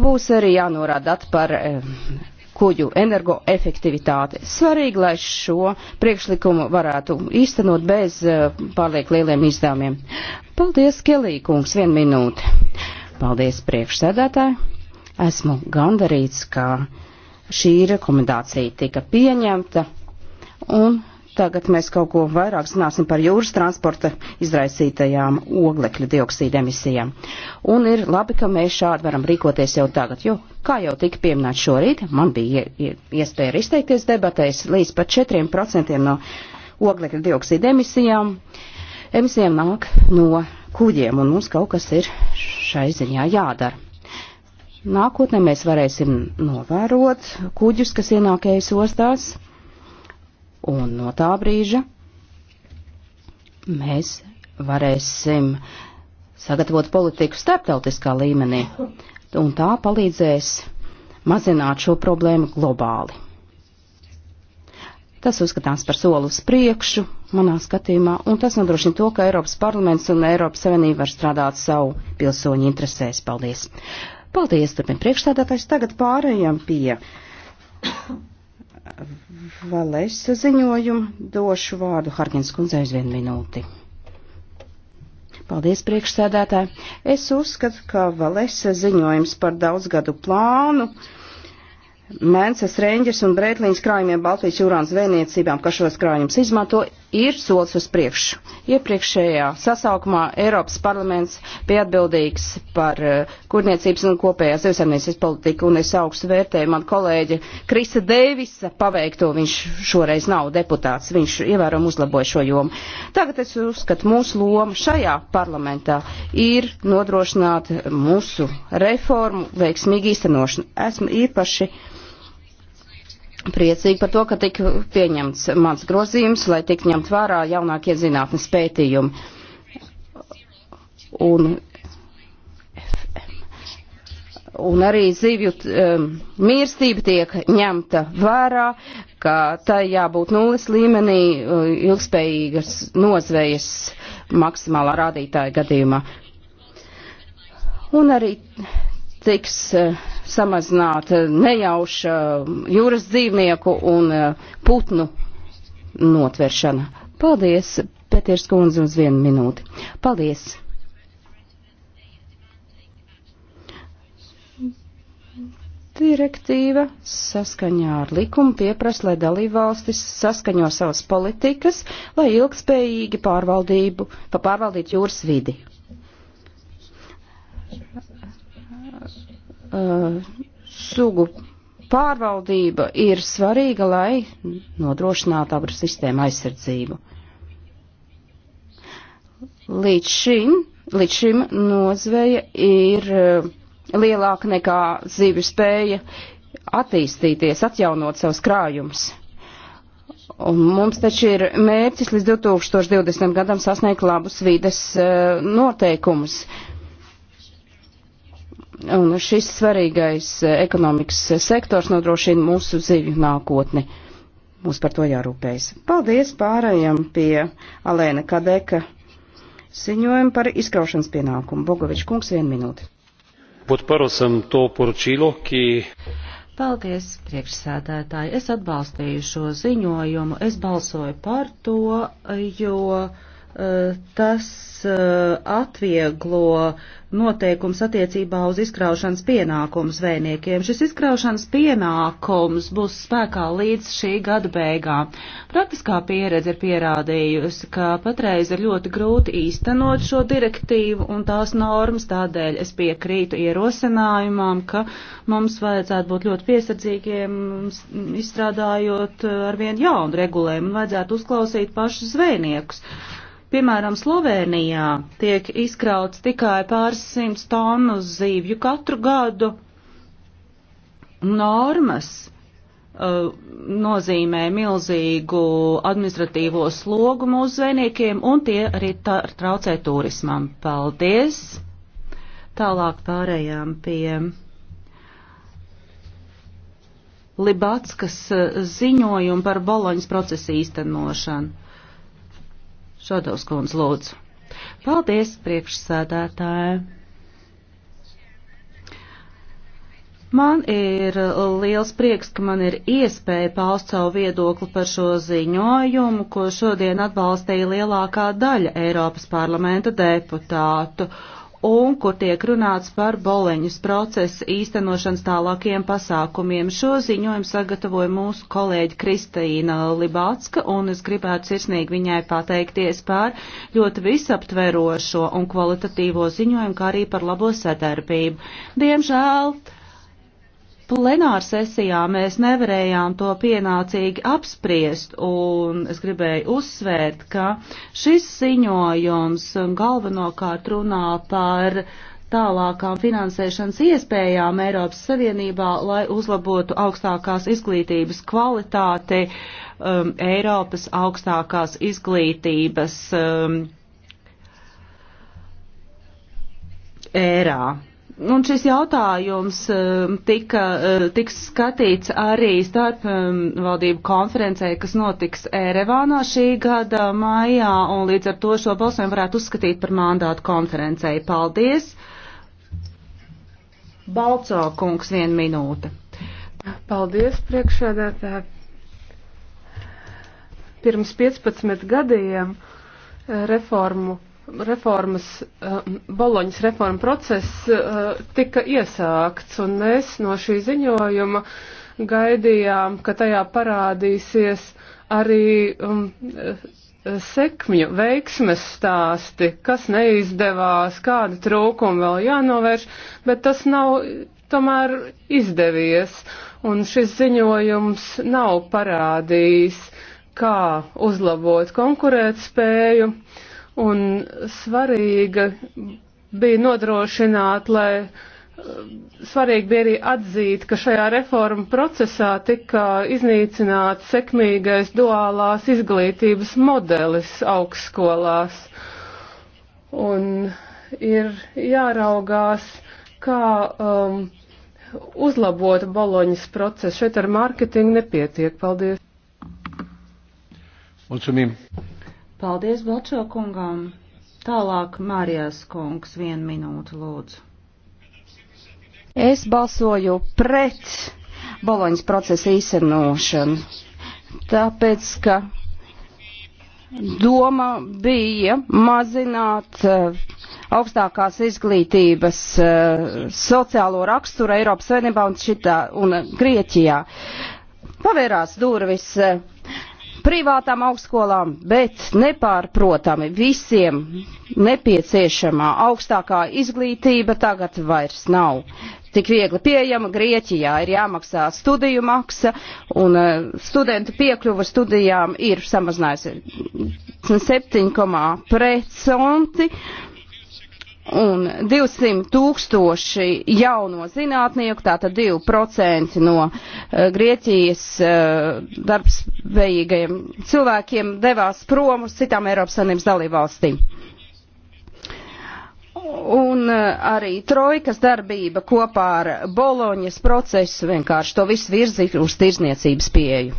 Būs arī jānorāda dati par uh, kuģu energoefektivitāti. Svarīgi, lai šo priekšlikumu varētu īstenot bez eh, pārliek lieliem izdevumiem. Paldies, Kelīkungs, vienu minūti. Paldies, priekšsēdētāji. Esmu gandarīts, ka šī rekomendācija tika pieņemta un Tagad mēs kaut ko vairāk zināsim par jūras transporta izraisītajām oglekļa dioksīda emisijām. Un ir labi, ka mēs šādi varam rīkoties jau tagad, jo, kā jau tika pieminēts šorīt, man bija iespēja arī izteikties debatēs līdz pat 4% no oglekļa dioksīda emisijām. Emisijām nāk no kuģiem, un mums kaut kas ir šai ziņā jādara. Nākotnē mēs varēsim novērot kuģus, kas ienāk ejas ostās Un no tā brīža mēs varēsim sagatavot politiku starptautiskā līmenī. Un tā palīdzēs mazināt šo problēmu globāli. Tas uzskatāms par soli uz priekšu, manā skatījumā, un tas nodrošina to, ka Eiropas parlaments un Eiropas Savienība var strādāt savu pilsoņu interesēs. Paldies! Paldies, turpin priekšstādātājs. Tagad pārējām pie Valesa ziņojumu došu vārdu Harkins kundzei uz vienu minūti. Paldies, priekšsēdētāji. Es uzskatu, ka Valesa ziņojums par daudzgadu plānu uh, Mēnces reņģis un brētlīņas krājumiem Baltijas jūrā un zvejniecībām, kas šos krājumus izmanto, ir solis uz priekšu. Iepriekšējā sasaukumā Eiropas parlaments bija atbildīgs par eh, kurniecības un kopējās zivsaimniecības politiku, un es augstu vērtēju man kolēģi Krista Deivisa paveikto, viņš šoreiz nav deputāts, viņš ievēram uzlaboja šo jomu. Tagad es uzskatu, mūsu loma šajā parlamentā ir nodrošināt mūsu reformu veiksmīgi īstenošanu. Esmu īpaši priecīgi par to, ka tika pieņemts mans grozījums, lai tik ņemt vērā jaunākie zinātnes pētījumi. Un, un arī zivju um, mīrstība tiek ņemta vērā, ka tai jābūt nulles līmenī uh, ilgspējīgas nozvejas maksimālā rādītāja gadījumā. Un arī tiks eh, samazināta eh, nejauša eh, jūras dzīvnieku un putnu notveršana. Paldies, Petiers Kundze, uz vienu minūti. Paldies! direktīva saskaņā ar likumu pieprasa, lai dalībvalstis saskaņo savas politikas, lai ilgspējīgi pārvaldību, pa pārvaldītu jūras vidi uh, sugu pārvaldība ir svarīga, lai nodrošinātu agru sistēmu aizsardzību. Līdz šim, līdz šim nozveja ir uh, lielāka nekā zīve spēja attīstīties, atjaunot savus krājumus. Un mums taču ir mērķis līdz 2020. gadam sasniegt labus vides uh, noteikumus. Un šis svarīgais eh, ekonomikas sektors nodrošina mūsu dzīvi nākotni. Mums par to jārūpējas. Paldies pārējiem pie Alēna Kadeka ziņojuma par izkraušanas pienākumu. Bogovičs kungs, vienu minūti. Podparosam to poručīlo, ki. Paldies, priekšsēdētāji. Es atbalstīju šo ziņojumu. Es balsoju par to, jo Eh, tas eh, atvieglo noteikums attiecībā uz izkraušanas pienākumu zvejniekiem. Šis izkraušanas pienākums būs spēkā līdz šī gada beigām. Praktiskā pieredze ir pierādījusi, ka patreiz ir ļoti grūti īstenot šo direktīvu un tās normas, tādēļ es piekrītu ierosinājumam, ka mums vajadzētu būt ļoti piesardzīgiem, izstrādājot eh, arvien jaunu regulējumu un vajadzētu uzklausīt pašus zvejniekus. Piemēram, Slovenijā tiek izkrauts tikai pāris simts tonu zīvju katru gadu. Normas uh, nozīmē milzīgu administratīvo slogu mūsu zvejniekiem, un tie arī traucē turismam. Paldies! Tālāk pārējām pie Libatskas uh, ziņojumu par Boloņas procesa īstenošanu. Šodovs kundz lūdzu. Paldies, priekšsēdētāji. Man ir liels prieks, ka man ir iespēja paust savu viedokli par šo ziņojumu, ko šodien atbalstīja lielākā daļa Eiropas parlamenta deputātu un kur tiek runāts par boleņas procesa īstenošanas tālākiem pasākumiem. Šo ziņojumu sagatavoja mūsu kolēģi Kristīna Libācka, un es gribētu sirsnīgi viņai pateikties par ļoti visaptverošo un kvalitatīvo ziņojumu, kā arī par labo sadarbību. Diemžēl plenāra sesijā mēs nevarējām to pienācīgi apspriest, un es gribēju uzsvērt, ka šis ziņojums galvenokārt runā par tālākām finansēšanas iespējām Eiropas Savienībā, lai uzlabotu augstākās izglītības kvalitāti, um, Eiropas augstākās izglītības um, ērā. Un šis jautājums um, tika, uh, tiks skatīts arī starp um, valdību konferencē, kas notiks Erevānā šī gada maijā, un līdz ar to šo balsojumu varētu uzskatīt par mandātu konferencei. Paldies! Balco kungs, viena minūte. Paldies, priekšsēdētāji. Pirms 15 gadiem eh, reformu reformas, eh, Boloņas reforma process eh, tika iesākts, un mēs no šī ziņojuma gaidījām, ka tajā parādīsies arī um, eh, sekmju, veiksmes stāsti, kas neizdevās, kādi trūkumi vēl jānovērš, bet tas nav tomēr izdevies, un šis ziņojums nav parādījis, kā uzlabot konkurētspēju. spēju un svarīga bija nodrošināt, lai eh, svarīgi bija arī atzīt, ka šajā reforma procesā tika iznīcināts sekmīgais duālās izglītības modelis augstskolās. Un ir jāraugās, kā um, uzlabot boloņas procesu. Šeit ar mārketingu nepietiek. Paldies! Mulțumim! Paldies Balčo kungam. Tālāk Mārijas kungs vienu minūtu lūdzu. Es balsoju pret Boloņas procesa īstenošanu, tāpēc, ka doma bija mazināt uh, augstākās izglītības uh, sociālo raksturu Eiropas Savienībā un, šitā, un Grieķijā. Pavērās durvis uh, privātām augstskolām, bet nepārprotami visiem nepieciešamā augstākā izglītība tagad vairs nav tik viegli pieejama. Grieķijā ir jāmaksā studiju maksa, un eh, studentu piekļuva studijām ir samazinājusi 7,5% un 200 tūkstoši jauno zinātnieku, tātad 2% no uh, Grieķijas uh, darbspējīgajiem cilvēkiem devās prom uz citām Eiropas Savienības dalībvalstīm. Un uh, arī trojkas darbība kopā ar Boloņas procesu vienkārši to visu virzīja uz tirzniecības pieeju.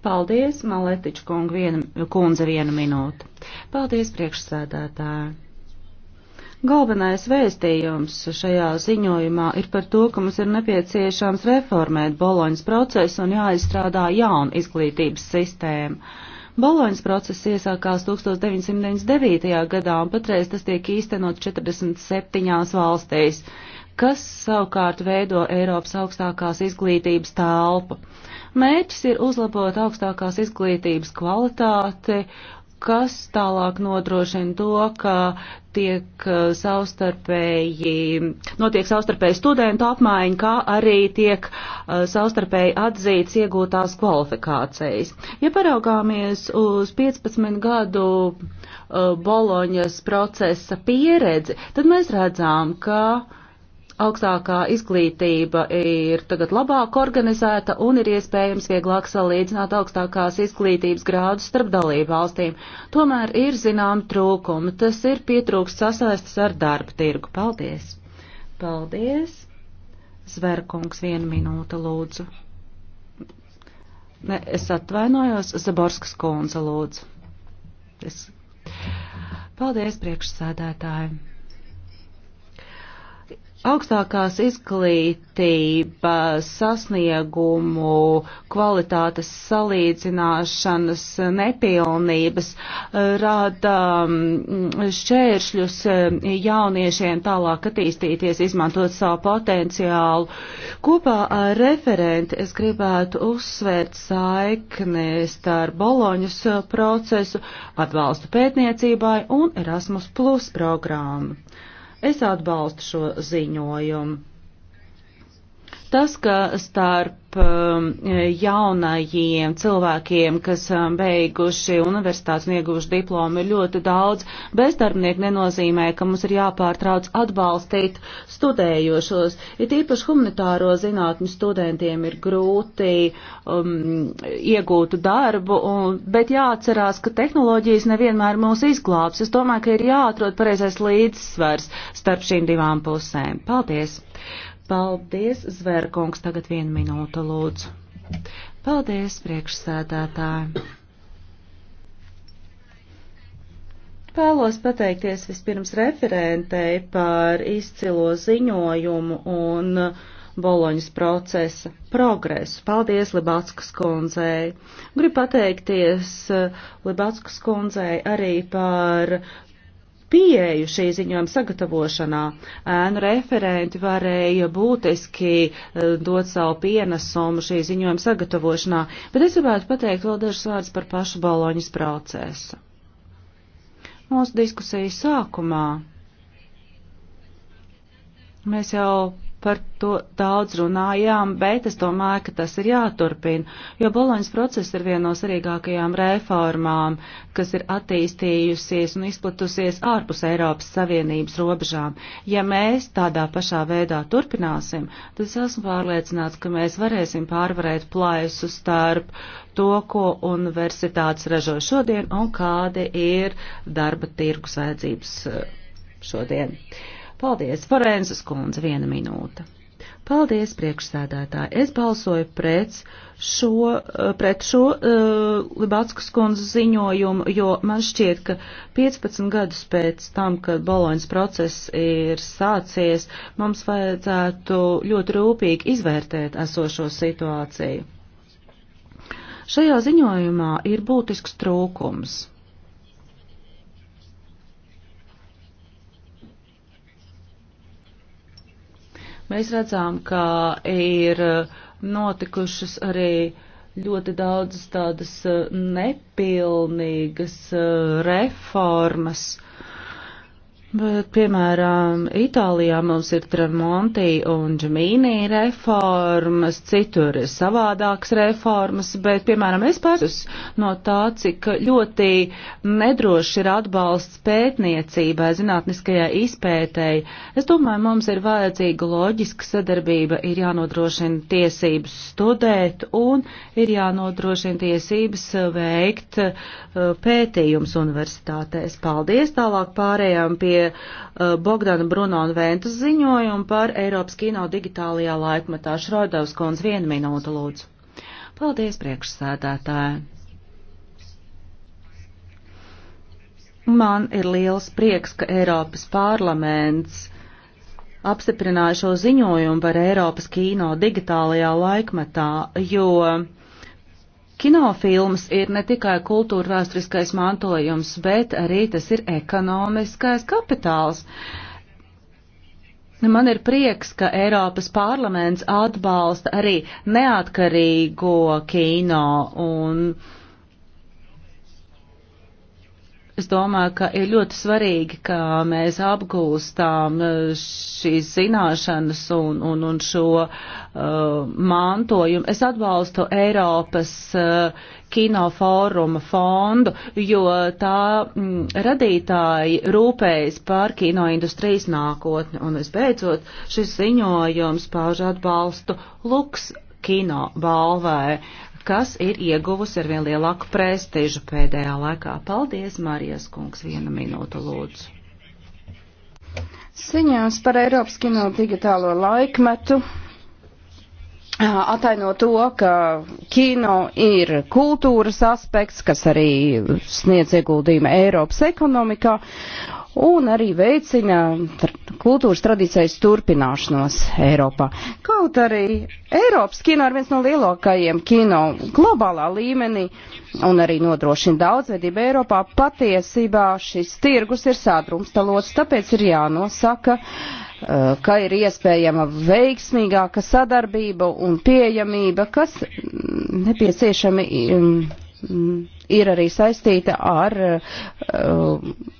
Paldies, Maletiča kundze, vienu minūti. Paldies, priekšsēdētāji. Galvenais vēstījums šajā ziņojumā ir par to, ka mums ir nepieciešams reformēt Boloņas procesu un jāizstrādā jauna izglītības sistēma. Boloņas process iesākās 1999. gadā un patreiz tas tiek īstenot 47 valstīs kas savukārt veido Eiropas augstākās izglītības telpu. Mērķis ir uzlabot augstākās izglītības kvalitāti kas tālāk nodrošina to, ka tiek uh, savstarpēji, notiek savstarpēji studentu apmaiņa, kā arī tiek uh, savstarpēji atzīts iegūtās kvalifikācijas. Ja paraugāmies uz 15 gadu uh, Boloņas procesa pieredzi, tad mēs redzām, ka augstākā izglītība ir tagad labāk organizēta un ir iespējams vieglāk salīdzināt augstākās izglītības grādus starp dalību valstīm. Tomēr ir zinām trūkumi, tas ir pietrūkst sasaistas ar darba tirgu. Paldies! Paldies! Zverkungs, viena minūte lūdzu. Ne, es atvainojos, Zaborskas kundze lūdzu. Es... Paldies, priekšsēdētāji! Augstākās izglītības sasniegumu kvalitātes salīdzināšanas nepilnības eh, rada mm, šķēršļus eh, jauniešiem tālāk attīstīties, izmantot savu potenciālu. Kopā ar referenti es gribētu uzsvērt saiknes ar Boloņas eh, procesu, atbalstu pētniecībai un Erasmus Plus programmu. Es atbalstu šo ziņojumu. Tas, ka starp um, jaunajiem cilvēkiem, kas um, beiguši universitātes un ieguvuši diplomu, ir ļoti daudz bezdarbnieku, nenozīmē, ka mums ir jāpārtrauc atbalstīt studējošos. Ir īpaši humanitāro zinātņu studentiem ir grūti um, iegūt darbu, un, bet jāatcerās, ka tehnoloģijas nevienmēr mūs izglābs. Es domāju, ka ir jāatrod pareizais līdzsvars starp šīm divām pusēm. Paldies! Paldies, Zvērkungs, tagad vienu minūtu lūdzu. Paldies, priekšsēdētāji. Vēlos pateikties vispirms referentei par izcilo ziņojumu un Boloņas procesa progresu. Paldies Libatskas kundzei. Gribu pateikties Libatskas kundzei arī par pieeju šī ziņojuma sagatavošanā. Ēnu referenti varēja būtiski eh, dot savu pienesumu šī ziņojuma sagatavošanā, bet es gribētu pateikt vēl dažus vārdus par pašu baloņas procesu. Mūsu diskusijas sākumā mēs jau par to daudz runājām, bet es domāju, ka tas ir jāturpina, jo Boloņas process ir viena no svarīgākajām reformām, kas ir attīstījusies un izplatusies ārpus Eiropas Savienības robežām. Ja mēs tādā pašā veidā turpināsim, tad es esmu pārliecināts, ka mēs varēsim pārvarēt plaisu starp to, ko universitātes ražo šodien un kādi ir darba tirgus vajadzības eh, šodien. Uh, Paldies, Forenzas kundze, viena minūte. Paldies, priekšsēdētāji. Es balsoju pret šo, eh, pret šo uh, Libatskas kundzes ziņojumu, jo man šķiet, ka 15 gadus pēc tam, kad Boloņas process ir sācies, mums vajadzētu ļoti rūpīgi izvērtēt esošo situāciju. Šajā ziņojumā ir būtisks trūkums. Mēs redzām, ka ir uh, notikušas arī ļoti daudzas tādas uh, nepilnīgas uh, reformas, Bet, piemēram, Itālijā mums ir Tremonti un Džemīnī reformas, citur ir savādākas reformas, bet, piemēram, es pārsus no tā, cik ļoti nedroši ir atbalsts pētniecībai, zinātniskajai izpētēji. Es domāju, mums ir vajadzīga loģiska sadarbība, ir jānodrošina tiesības studēt un ir jānodrošina tiesības veikt eh, pētījums universitātēs. Paldies, tālāk pārējām pie pie uh, Bogdana Bruno un Ventas ziņojumu par Eiropas kino digitālajā laikmetā. Šrodavs kundz, vienu minūtu lūdzu. Paldies, priekšsēdētāji. Man ir liels prieks, ka Eiropas parlaments apstiprināja šo ziņojumu par Eiropas kino digitālajā laikmetā, jo Kinofilms ir ne tikai kultūra vēsturiskais mantojums, bet arī tas ir ekonomiskais kapitāls. Man ir prieks, ka Eiropas parlaments atbalsta arī neatkarīgo kino un Es domāju, ka ir ļoti svarīgi, ka mēs apgūstām uh, šīs zināšanas un, un, un šo uh, mantojumu. Es atbalstu Eiropas uh, kinofóruma fondu, jo tā m, mm, radītāji rūpējas par kinoindustrijas nākotni. Un visbeidzot, šis ziņojums pauž atbalstu Luks kino balvai kas ir ieguvusi ar vien lielāku prestižu pēdējā laikā. Paldies, Marijas kungs, vienu minūtu lūdzu. Ziņās par Eiropas kino digitālo laikmetu ataino to, ka kino ir kultūras aspekts, kas arī sniedz ieguldījumu Eiropas ekonomikā, un arī veicina kultūras tradīcijas turpināšanos Eiropā. Kaut arī Eiropas kino ir viens no lielākajiem kino globālā līmenī un arī nodrošina daudzveidību Eiropā, patiesībā šis tirgus ir sādrumstalots, tāpēc ir jānosaka, eh, ka ir iespējama veiksmīgāka sadarbība un pieejamība, kas mm, nepieciešami mm, mm, ir arī saistīta ar uh,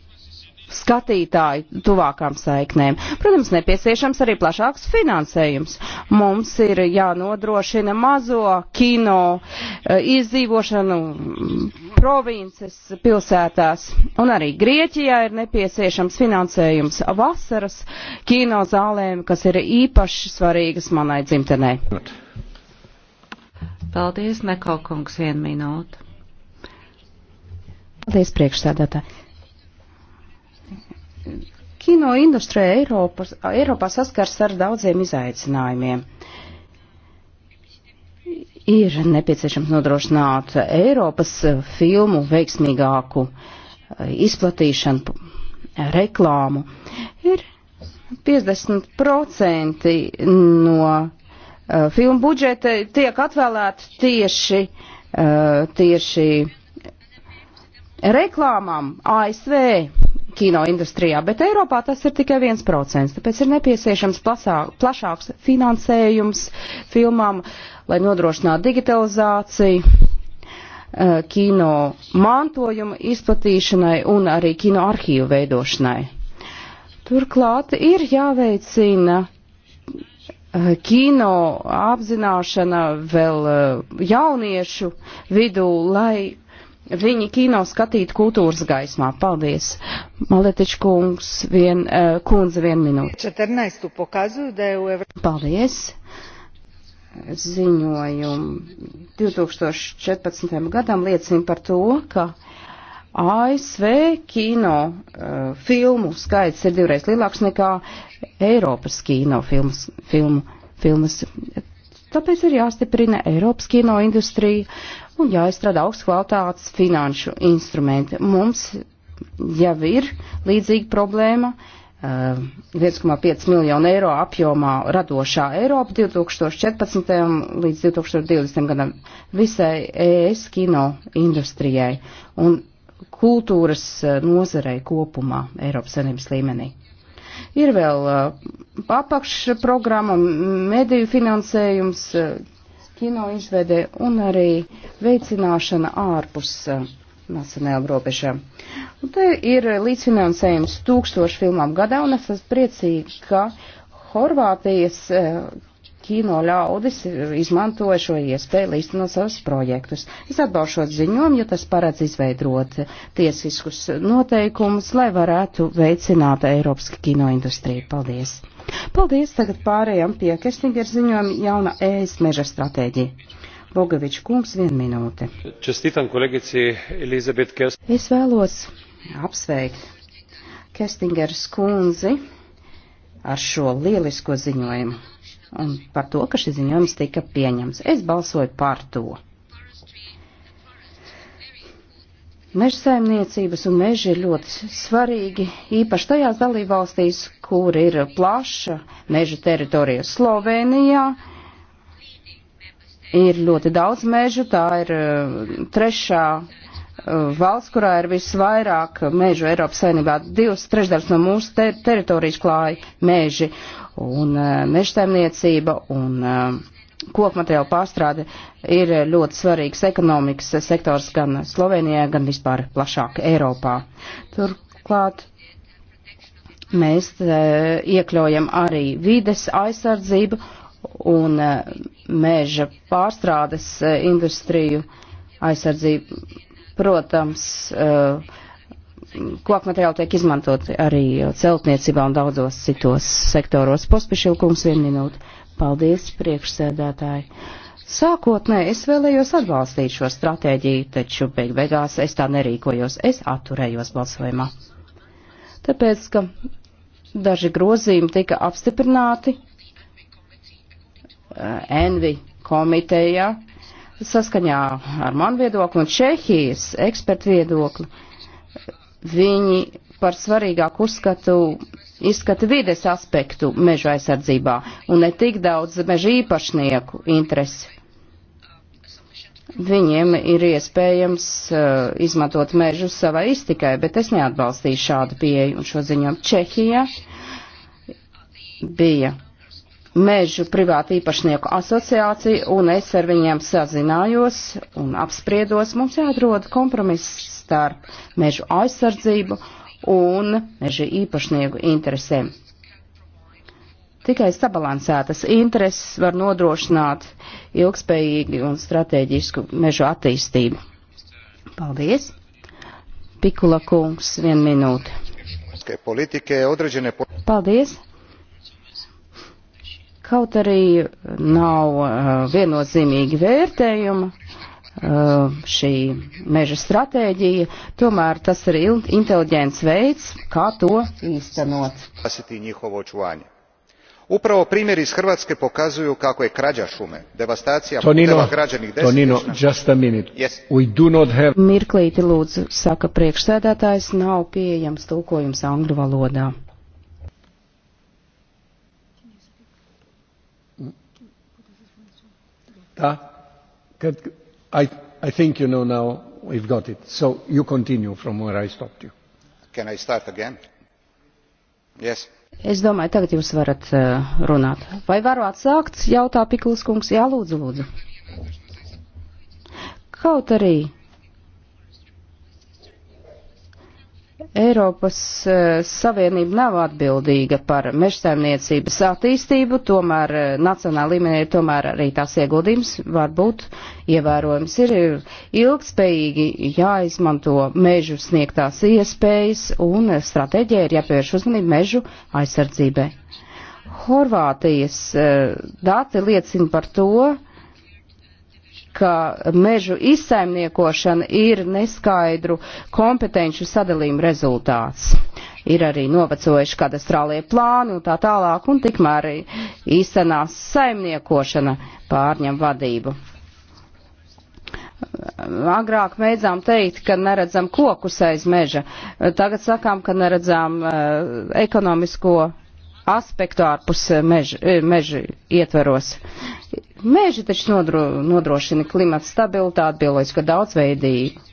skatītāju tuvākām saiknēm. Protams, nepieciešams arī plašāks finansējums. Mums ir jānodrošina mazo kino eh, izdzīvošanu mm, provinces pilsētās, un arī Grieķijā ir nepieciešams finansējums vasaras kinozālēm, kas ir īpaši svarīgas manai dzimtenē. Paldies, Nekaukungs, vienu minūtu. Paldies, priekšsēdētāji. Kino industrija Eiropas, Eiropā saskars ar daudziem izaicinājumiem. Ir nepieciešams nodrošināt Eiropas filmu veiksmīgāku eh, izplatīšanu, reklāmu. Ir 50% no eh, filmu budžeta tiek atvēlēti tieši, eh, tieši reklāmām ASV kino industrijā, bet Eiropā tas ir tikai 1%, tāpēc ir nepieciešams plasāk, plašāks finansējums filmām, lai nodrošinātu digitalizāciju, eh, kino mantojuma izplatīšanai un arī kino arhīvu veidošanai. Turklāt ir jāveicina eh, kino apzināšana vēl eh, jauniešu vidū, lai viņi kino skatīt kultūras gaismā. Paldies. Maletič kungs, vien, eh, kundze, vien minūte. Paldies. Ziņojumi 2014. gadam liecina par to, ka ASV kino uh, filmu skaits ir divreiz lielāks nekā Eiropas kino filmas, filmu, filmas. Tāpēc ir jāstiprina Eiropas kino industrija un jāizstrādā augsts kvalitātes finanšu instrumenti. Mums jau ir līdzīga problēma. Uh, eh, 1,5 miljonu eiro apjomā radošā Eiropa 2014. līdz 2020. gadam visai ES kino industrijai un kultūras eh, nozarei kopumā Eiropas Savienības līmenī. Ir vēl uh, apakšprogramma, mediju finansējums, uh, kino izvedē un arī veicināšana ārpus eh, nacionālajām robežām. Un te ir līdzfinansējums tūkstošu filmām gadā, un es esmu priecīgi, ka Horvātijas eh, kino ļaudis izmantoja šo iespēju, lai iztenot savus projektus. Es atbalšot ziņojumu, jo tas paredz izveidot tiesiskus noteikumus, lai varētu veicināt Eiropas kino industriju. Paldies! Paldies! Tagad pārējām pie Kestinga ziņojuma jauna ēs meža stratēģija. Bogavičs kungs, viena minūte. Čestitam kolegici Elizabet Kerst. Es vēlos apsveikt Kestingers kundzi ar šo lielisko ziņojumu un par to, ka šis ziņojums tika pieņems. Es balsoju par to. Meža saimniecības un meži ir ļoti svarīgi, īpaši tajās dalībvalstīs, kur ir plaša meža teritorija Slovenijā. Ir ļoti daudz mežu, tā ir uh, trešā uh, valsts, kurā ir visvairāk mežu Eiropas saimnībā. Divas trešdaļas no mūsu ter teritorijas klāja meži un e, mežsaimniecība un e, kokmateriāla pārstrāde ir ļoti svarīgs ekonomikas sektors gan Slovenijā, gan vispār plašāk Eiropā. Turklāt mēs e, iekļaujam arī vides aizsardzību un meža pārstrādes industriju aizsardzību. Protams, uh, koku materiāli tiek izmantot arī celtniecībā un daudzos citos sektoros. Pospišilkums vien minūte. Paldies, priekšsēdētāji. Sākotnē es vēlējos atbalstīt šo stratēģiju, taču beig beigās es tā nerīkojos, es atturējos balsojumā. Tāpēc, ka daži grozījumi tika apstiprināti eh, Envi komitejā saskaņā ar manu viedokli un Čehijas ekspertu viedokli viņi par svarīgāku uzskatu izskata vides aspektu meža aizsardzībā un ne tik daudz meža īpašnieku interesi. Viņiem ir iespējams uh, izmantot mežu savai iztikai, bet es neatbalstīju šādu pieeju un šo ziņojumu. Čehija bija mežu privātu īpašnieku asociācija un es ar viņiem sazinājos un apspriedos. Mums jāatrod kompromiss starp mežu aizsardzību un meža īpašnieku interesēm. Tikai sabalansētas intereses var nodrošināt ilgspējīgi un strateģisku mežu attīstību. Paldies! Pikula kungs, vienu minūti. Paldies! Kaut arī nav uh, viennozīmīgi vērtējuma, Uh, šī meža stratēģija, tomēr tas ir inteliģents veids, kā to īstenot. Upravo primjeri iz Hrvatske pokazuju kako je krađa šume, devastacija Tonino, puteva građanih Tonino, just a minute. Yes. We do not have... Mirklīti lūdzu, saka priekšsēdētājs, nav pieejams tulkojums angļu valodā. Da? Kad, I, I think you know now we've got it. So you continue from where I stopped you. Can I start again? Yes. Es domāju, tagad jūs varat uh, runāt. Vai varu atsākt, jautā Pikls kungs. Jā, lūdzu, lūdzu. Kaut arī Eiropas uh, Savienība nav atbildīga par mežsaimniecības attīstību, tomēr uh, nacionāla līmenī tomēr arī tās ieguldījums var būt uh, ievērojams. Ir ilgspējīgi jāizmanto mežu sniegtās iespējas un stratēģija ir jāpievērš uzmanību mežu aizsardzībai. Horvātijas eh, dati liecina par to, ka mežu izsaimniekošana ir neskaidru kompetenci sadalījuma rezultāts. Ir arī novecojuši kadastrālie plāni un tā tālāk, un tikmēr īstenās saimniekošana pārņem vadību agrāk mēdzām teikt, ka neredzam kokus aiz meža. Tagad sakām, ka neredzām uh, ekonomisko aspektu ārpus eh, meža, eh, meža ietveros. Meži taču nodro, nodrošina klimata stabilitāti, bioloģisko daudzveidību.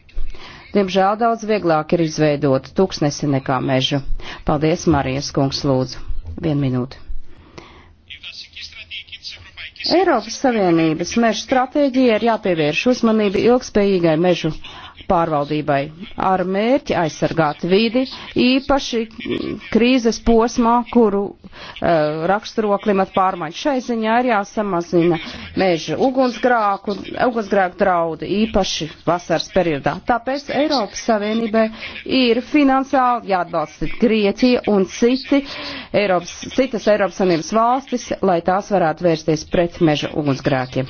Diemžēl daudz vieglāk ir izveidot tūkstnesi nekā mežu. Paldies, Marijas kungs, lūdzu. Vienu minūti. Eiropas Savienības meža stratēģija ir jāpievērš uzmanība ilgspējīgai mežu pārvaldībai ar mērķi aizsargāt vidi, īpaši krīzes posmā, kuru uh, raksturo klimata pārmaiņu. Šai ziņā ir jāsamazina meža ugunsgrāku, ugunsgrāku draudi, īpaši vasaras periodā. Tāpēc Eiropas Savienībai ir finansiāli jāatbalsta Grieķija un citi Eiropas, citas Eiropas Savienības valstis, lai tās varētu vērsties pret meža ugunsgrākiem.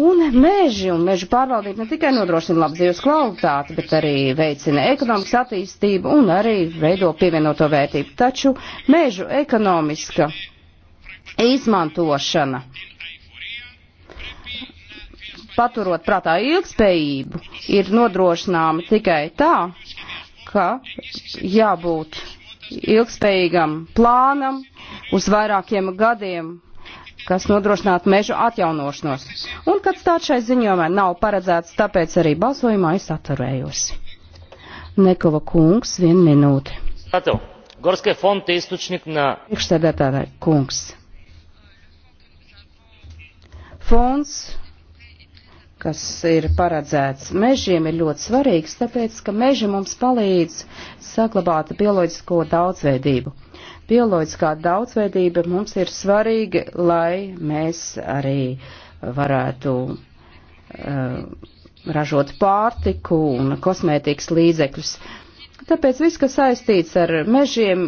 Un meži un meža pārvaldība ne tikai nodrošina labu dzīves kvalitāti, bet arī veicina ekonomikas attīstību un arī veido pievienoto vērtību. Taču mežu ekonomiska izmantošana paturot prātā ilgspējību, ir nodrošināma tikai tā, ka jābūt ilgspējīgam plānam uz vairākiem gadiem kas nodrošinātu mežu atjaunošanos. Un, kad tāds šai ziņojumā nav paredzēts, tāpēc arī balsojumā es atturējos. Nekova kungs, viena minūte. Priekšsēdētāji kungs. Fonds, kas ir paredzēts mežiem, ir ļoti svarīgs, tāpēc, ka meži mums palīdz saglabāt bioloģisko daudzveidību bioloģiskā daudzveidība mums ir svarīga, lai mēs arī varētu uh, ražot pārtiku un kosmētikas līdzekļus. Tāpēc viss, kas saistīts ar mežiem,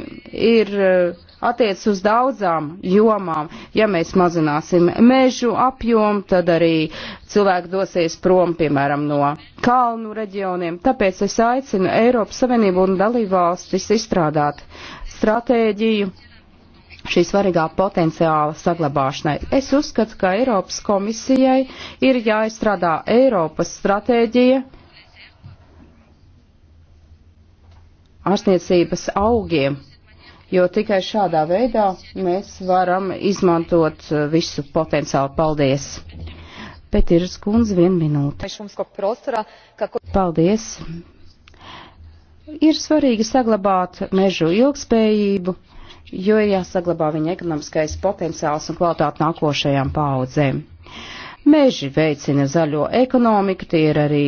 ir eh, attiec uz daudzām jomām. Ja mēs mazināsim mežu apjomu, tad arī cilvēki dosies prom, piemēram, no kalnu reģioniem. Tāpēc es aicinu Eiropas Savienību un dalībvalstis izstrādāt stratēģiju šī svarīgā potenciāla saglabāšanai. Es uzskatu, ka Eiropas komisijai ir jāizstrādā Eiropas stratēģija ārstniecības augiem, jo tikai šādā veidā mēs varam izmantot uh, visu potenciālu. Paldies! Petirs kundze, vien minūte. Paldies! Ir svarīgi saglabāt mežu ilgspējību, jo ir jāsaglabā viņa ekonomiskais potenciāls un kvalitāte nākošajām paudzēm. Meži veicina zaļo ekonomiku, tie ir arī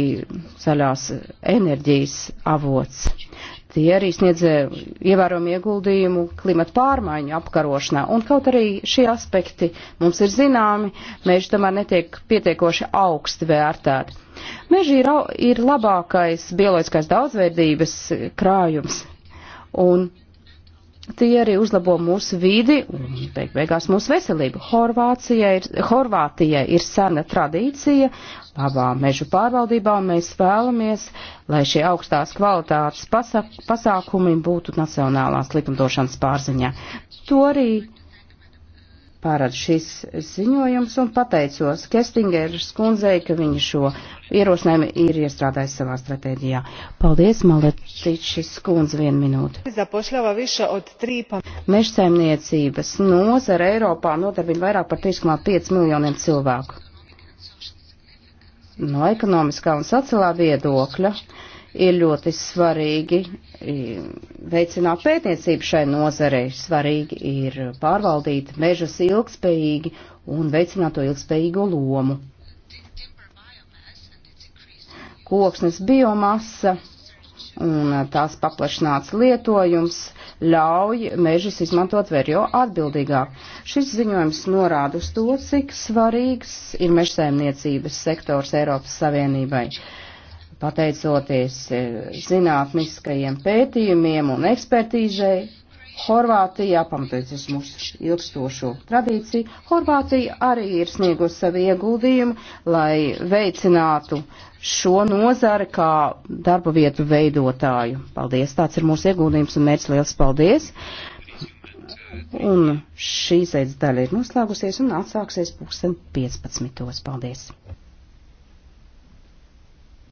zaļās enerģijas avots. Tie arī sniedz ievērojumu ieguldījumu klimata pārmaiņu apkarošanā, un kaut arī šie aspekti mums ir zināmi, meži tomēr netiek pietiekoši augsti vērtēti. Meži ir, ir labākais bioloģiskās daudzveidības krājums, un tie arī uzlabo mūsu vidi un beig beigās mūsu veselību. Horvācija ir, Horvātija ir sena tradīcija labā mežu pārvaldībā, un mēs vēlamies, lai šie augstās kvalitātes pasak, pasākumi būtu nacionālās likumdošanas pārziņā. To arī pārāda šis ziņojums un pateicos Kestingeras kundzei, ka viņa šo ierosinājumi ir iestrādājis savā stratēģijā. Paldies, Maletičs kundze, vienu minūti. Mežsaimniecības nozara Eiropā nodarbina vairāk par 3,5 miljoniem cilvēku. No ekonomiskā un sociālā viedokļa ir ļoti svarīgi veicināt pētniecību šai nozarei. Svarīgi ir pārvaldīt mežus ilgspējīgi un veicināt to ilgspējīgo lomu koksnes biomasa un tās paplašināts lietojums ļauj mežus izmantot vēl jo atbildīgāk. Šis ziņojums norāda uz to, cik svarīgs ir mežsēmniecības sektors Eiropas Savienībai. Pateicoties e, zinātniskajiem pētījumiem un ekspertīzei, Horvātija pamatoties mūsu ilgstošo tradīciju. Horvātija arī ir sniegusi savu ieguldījumu, lai veicinātu šo nozari kā darba vietu veidotāju. Paldies, tāds ir mūsu ieguldījums un mērķis. Liels paldies! Un šī sēdes daļa ir noslēgusies un atsāksies pulksten 15. Paldies!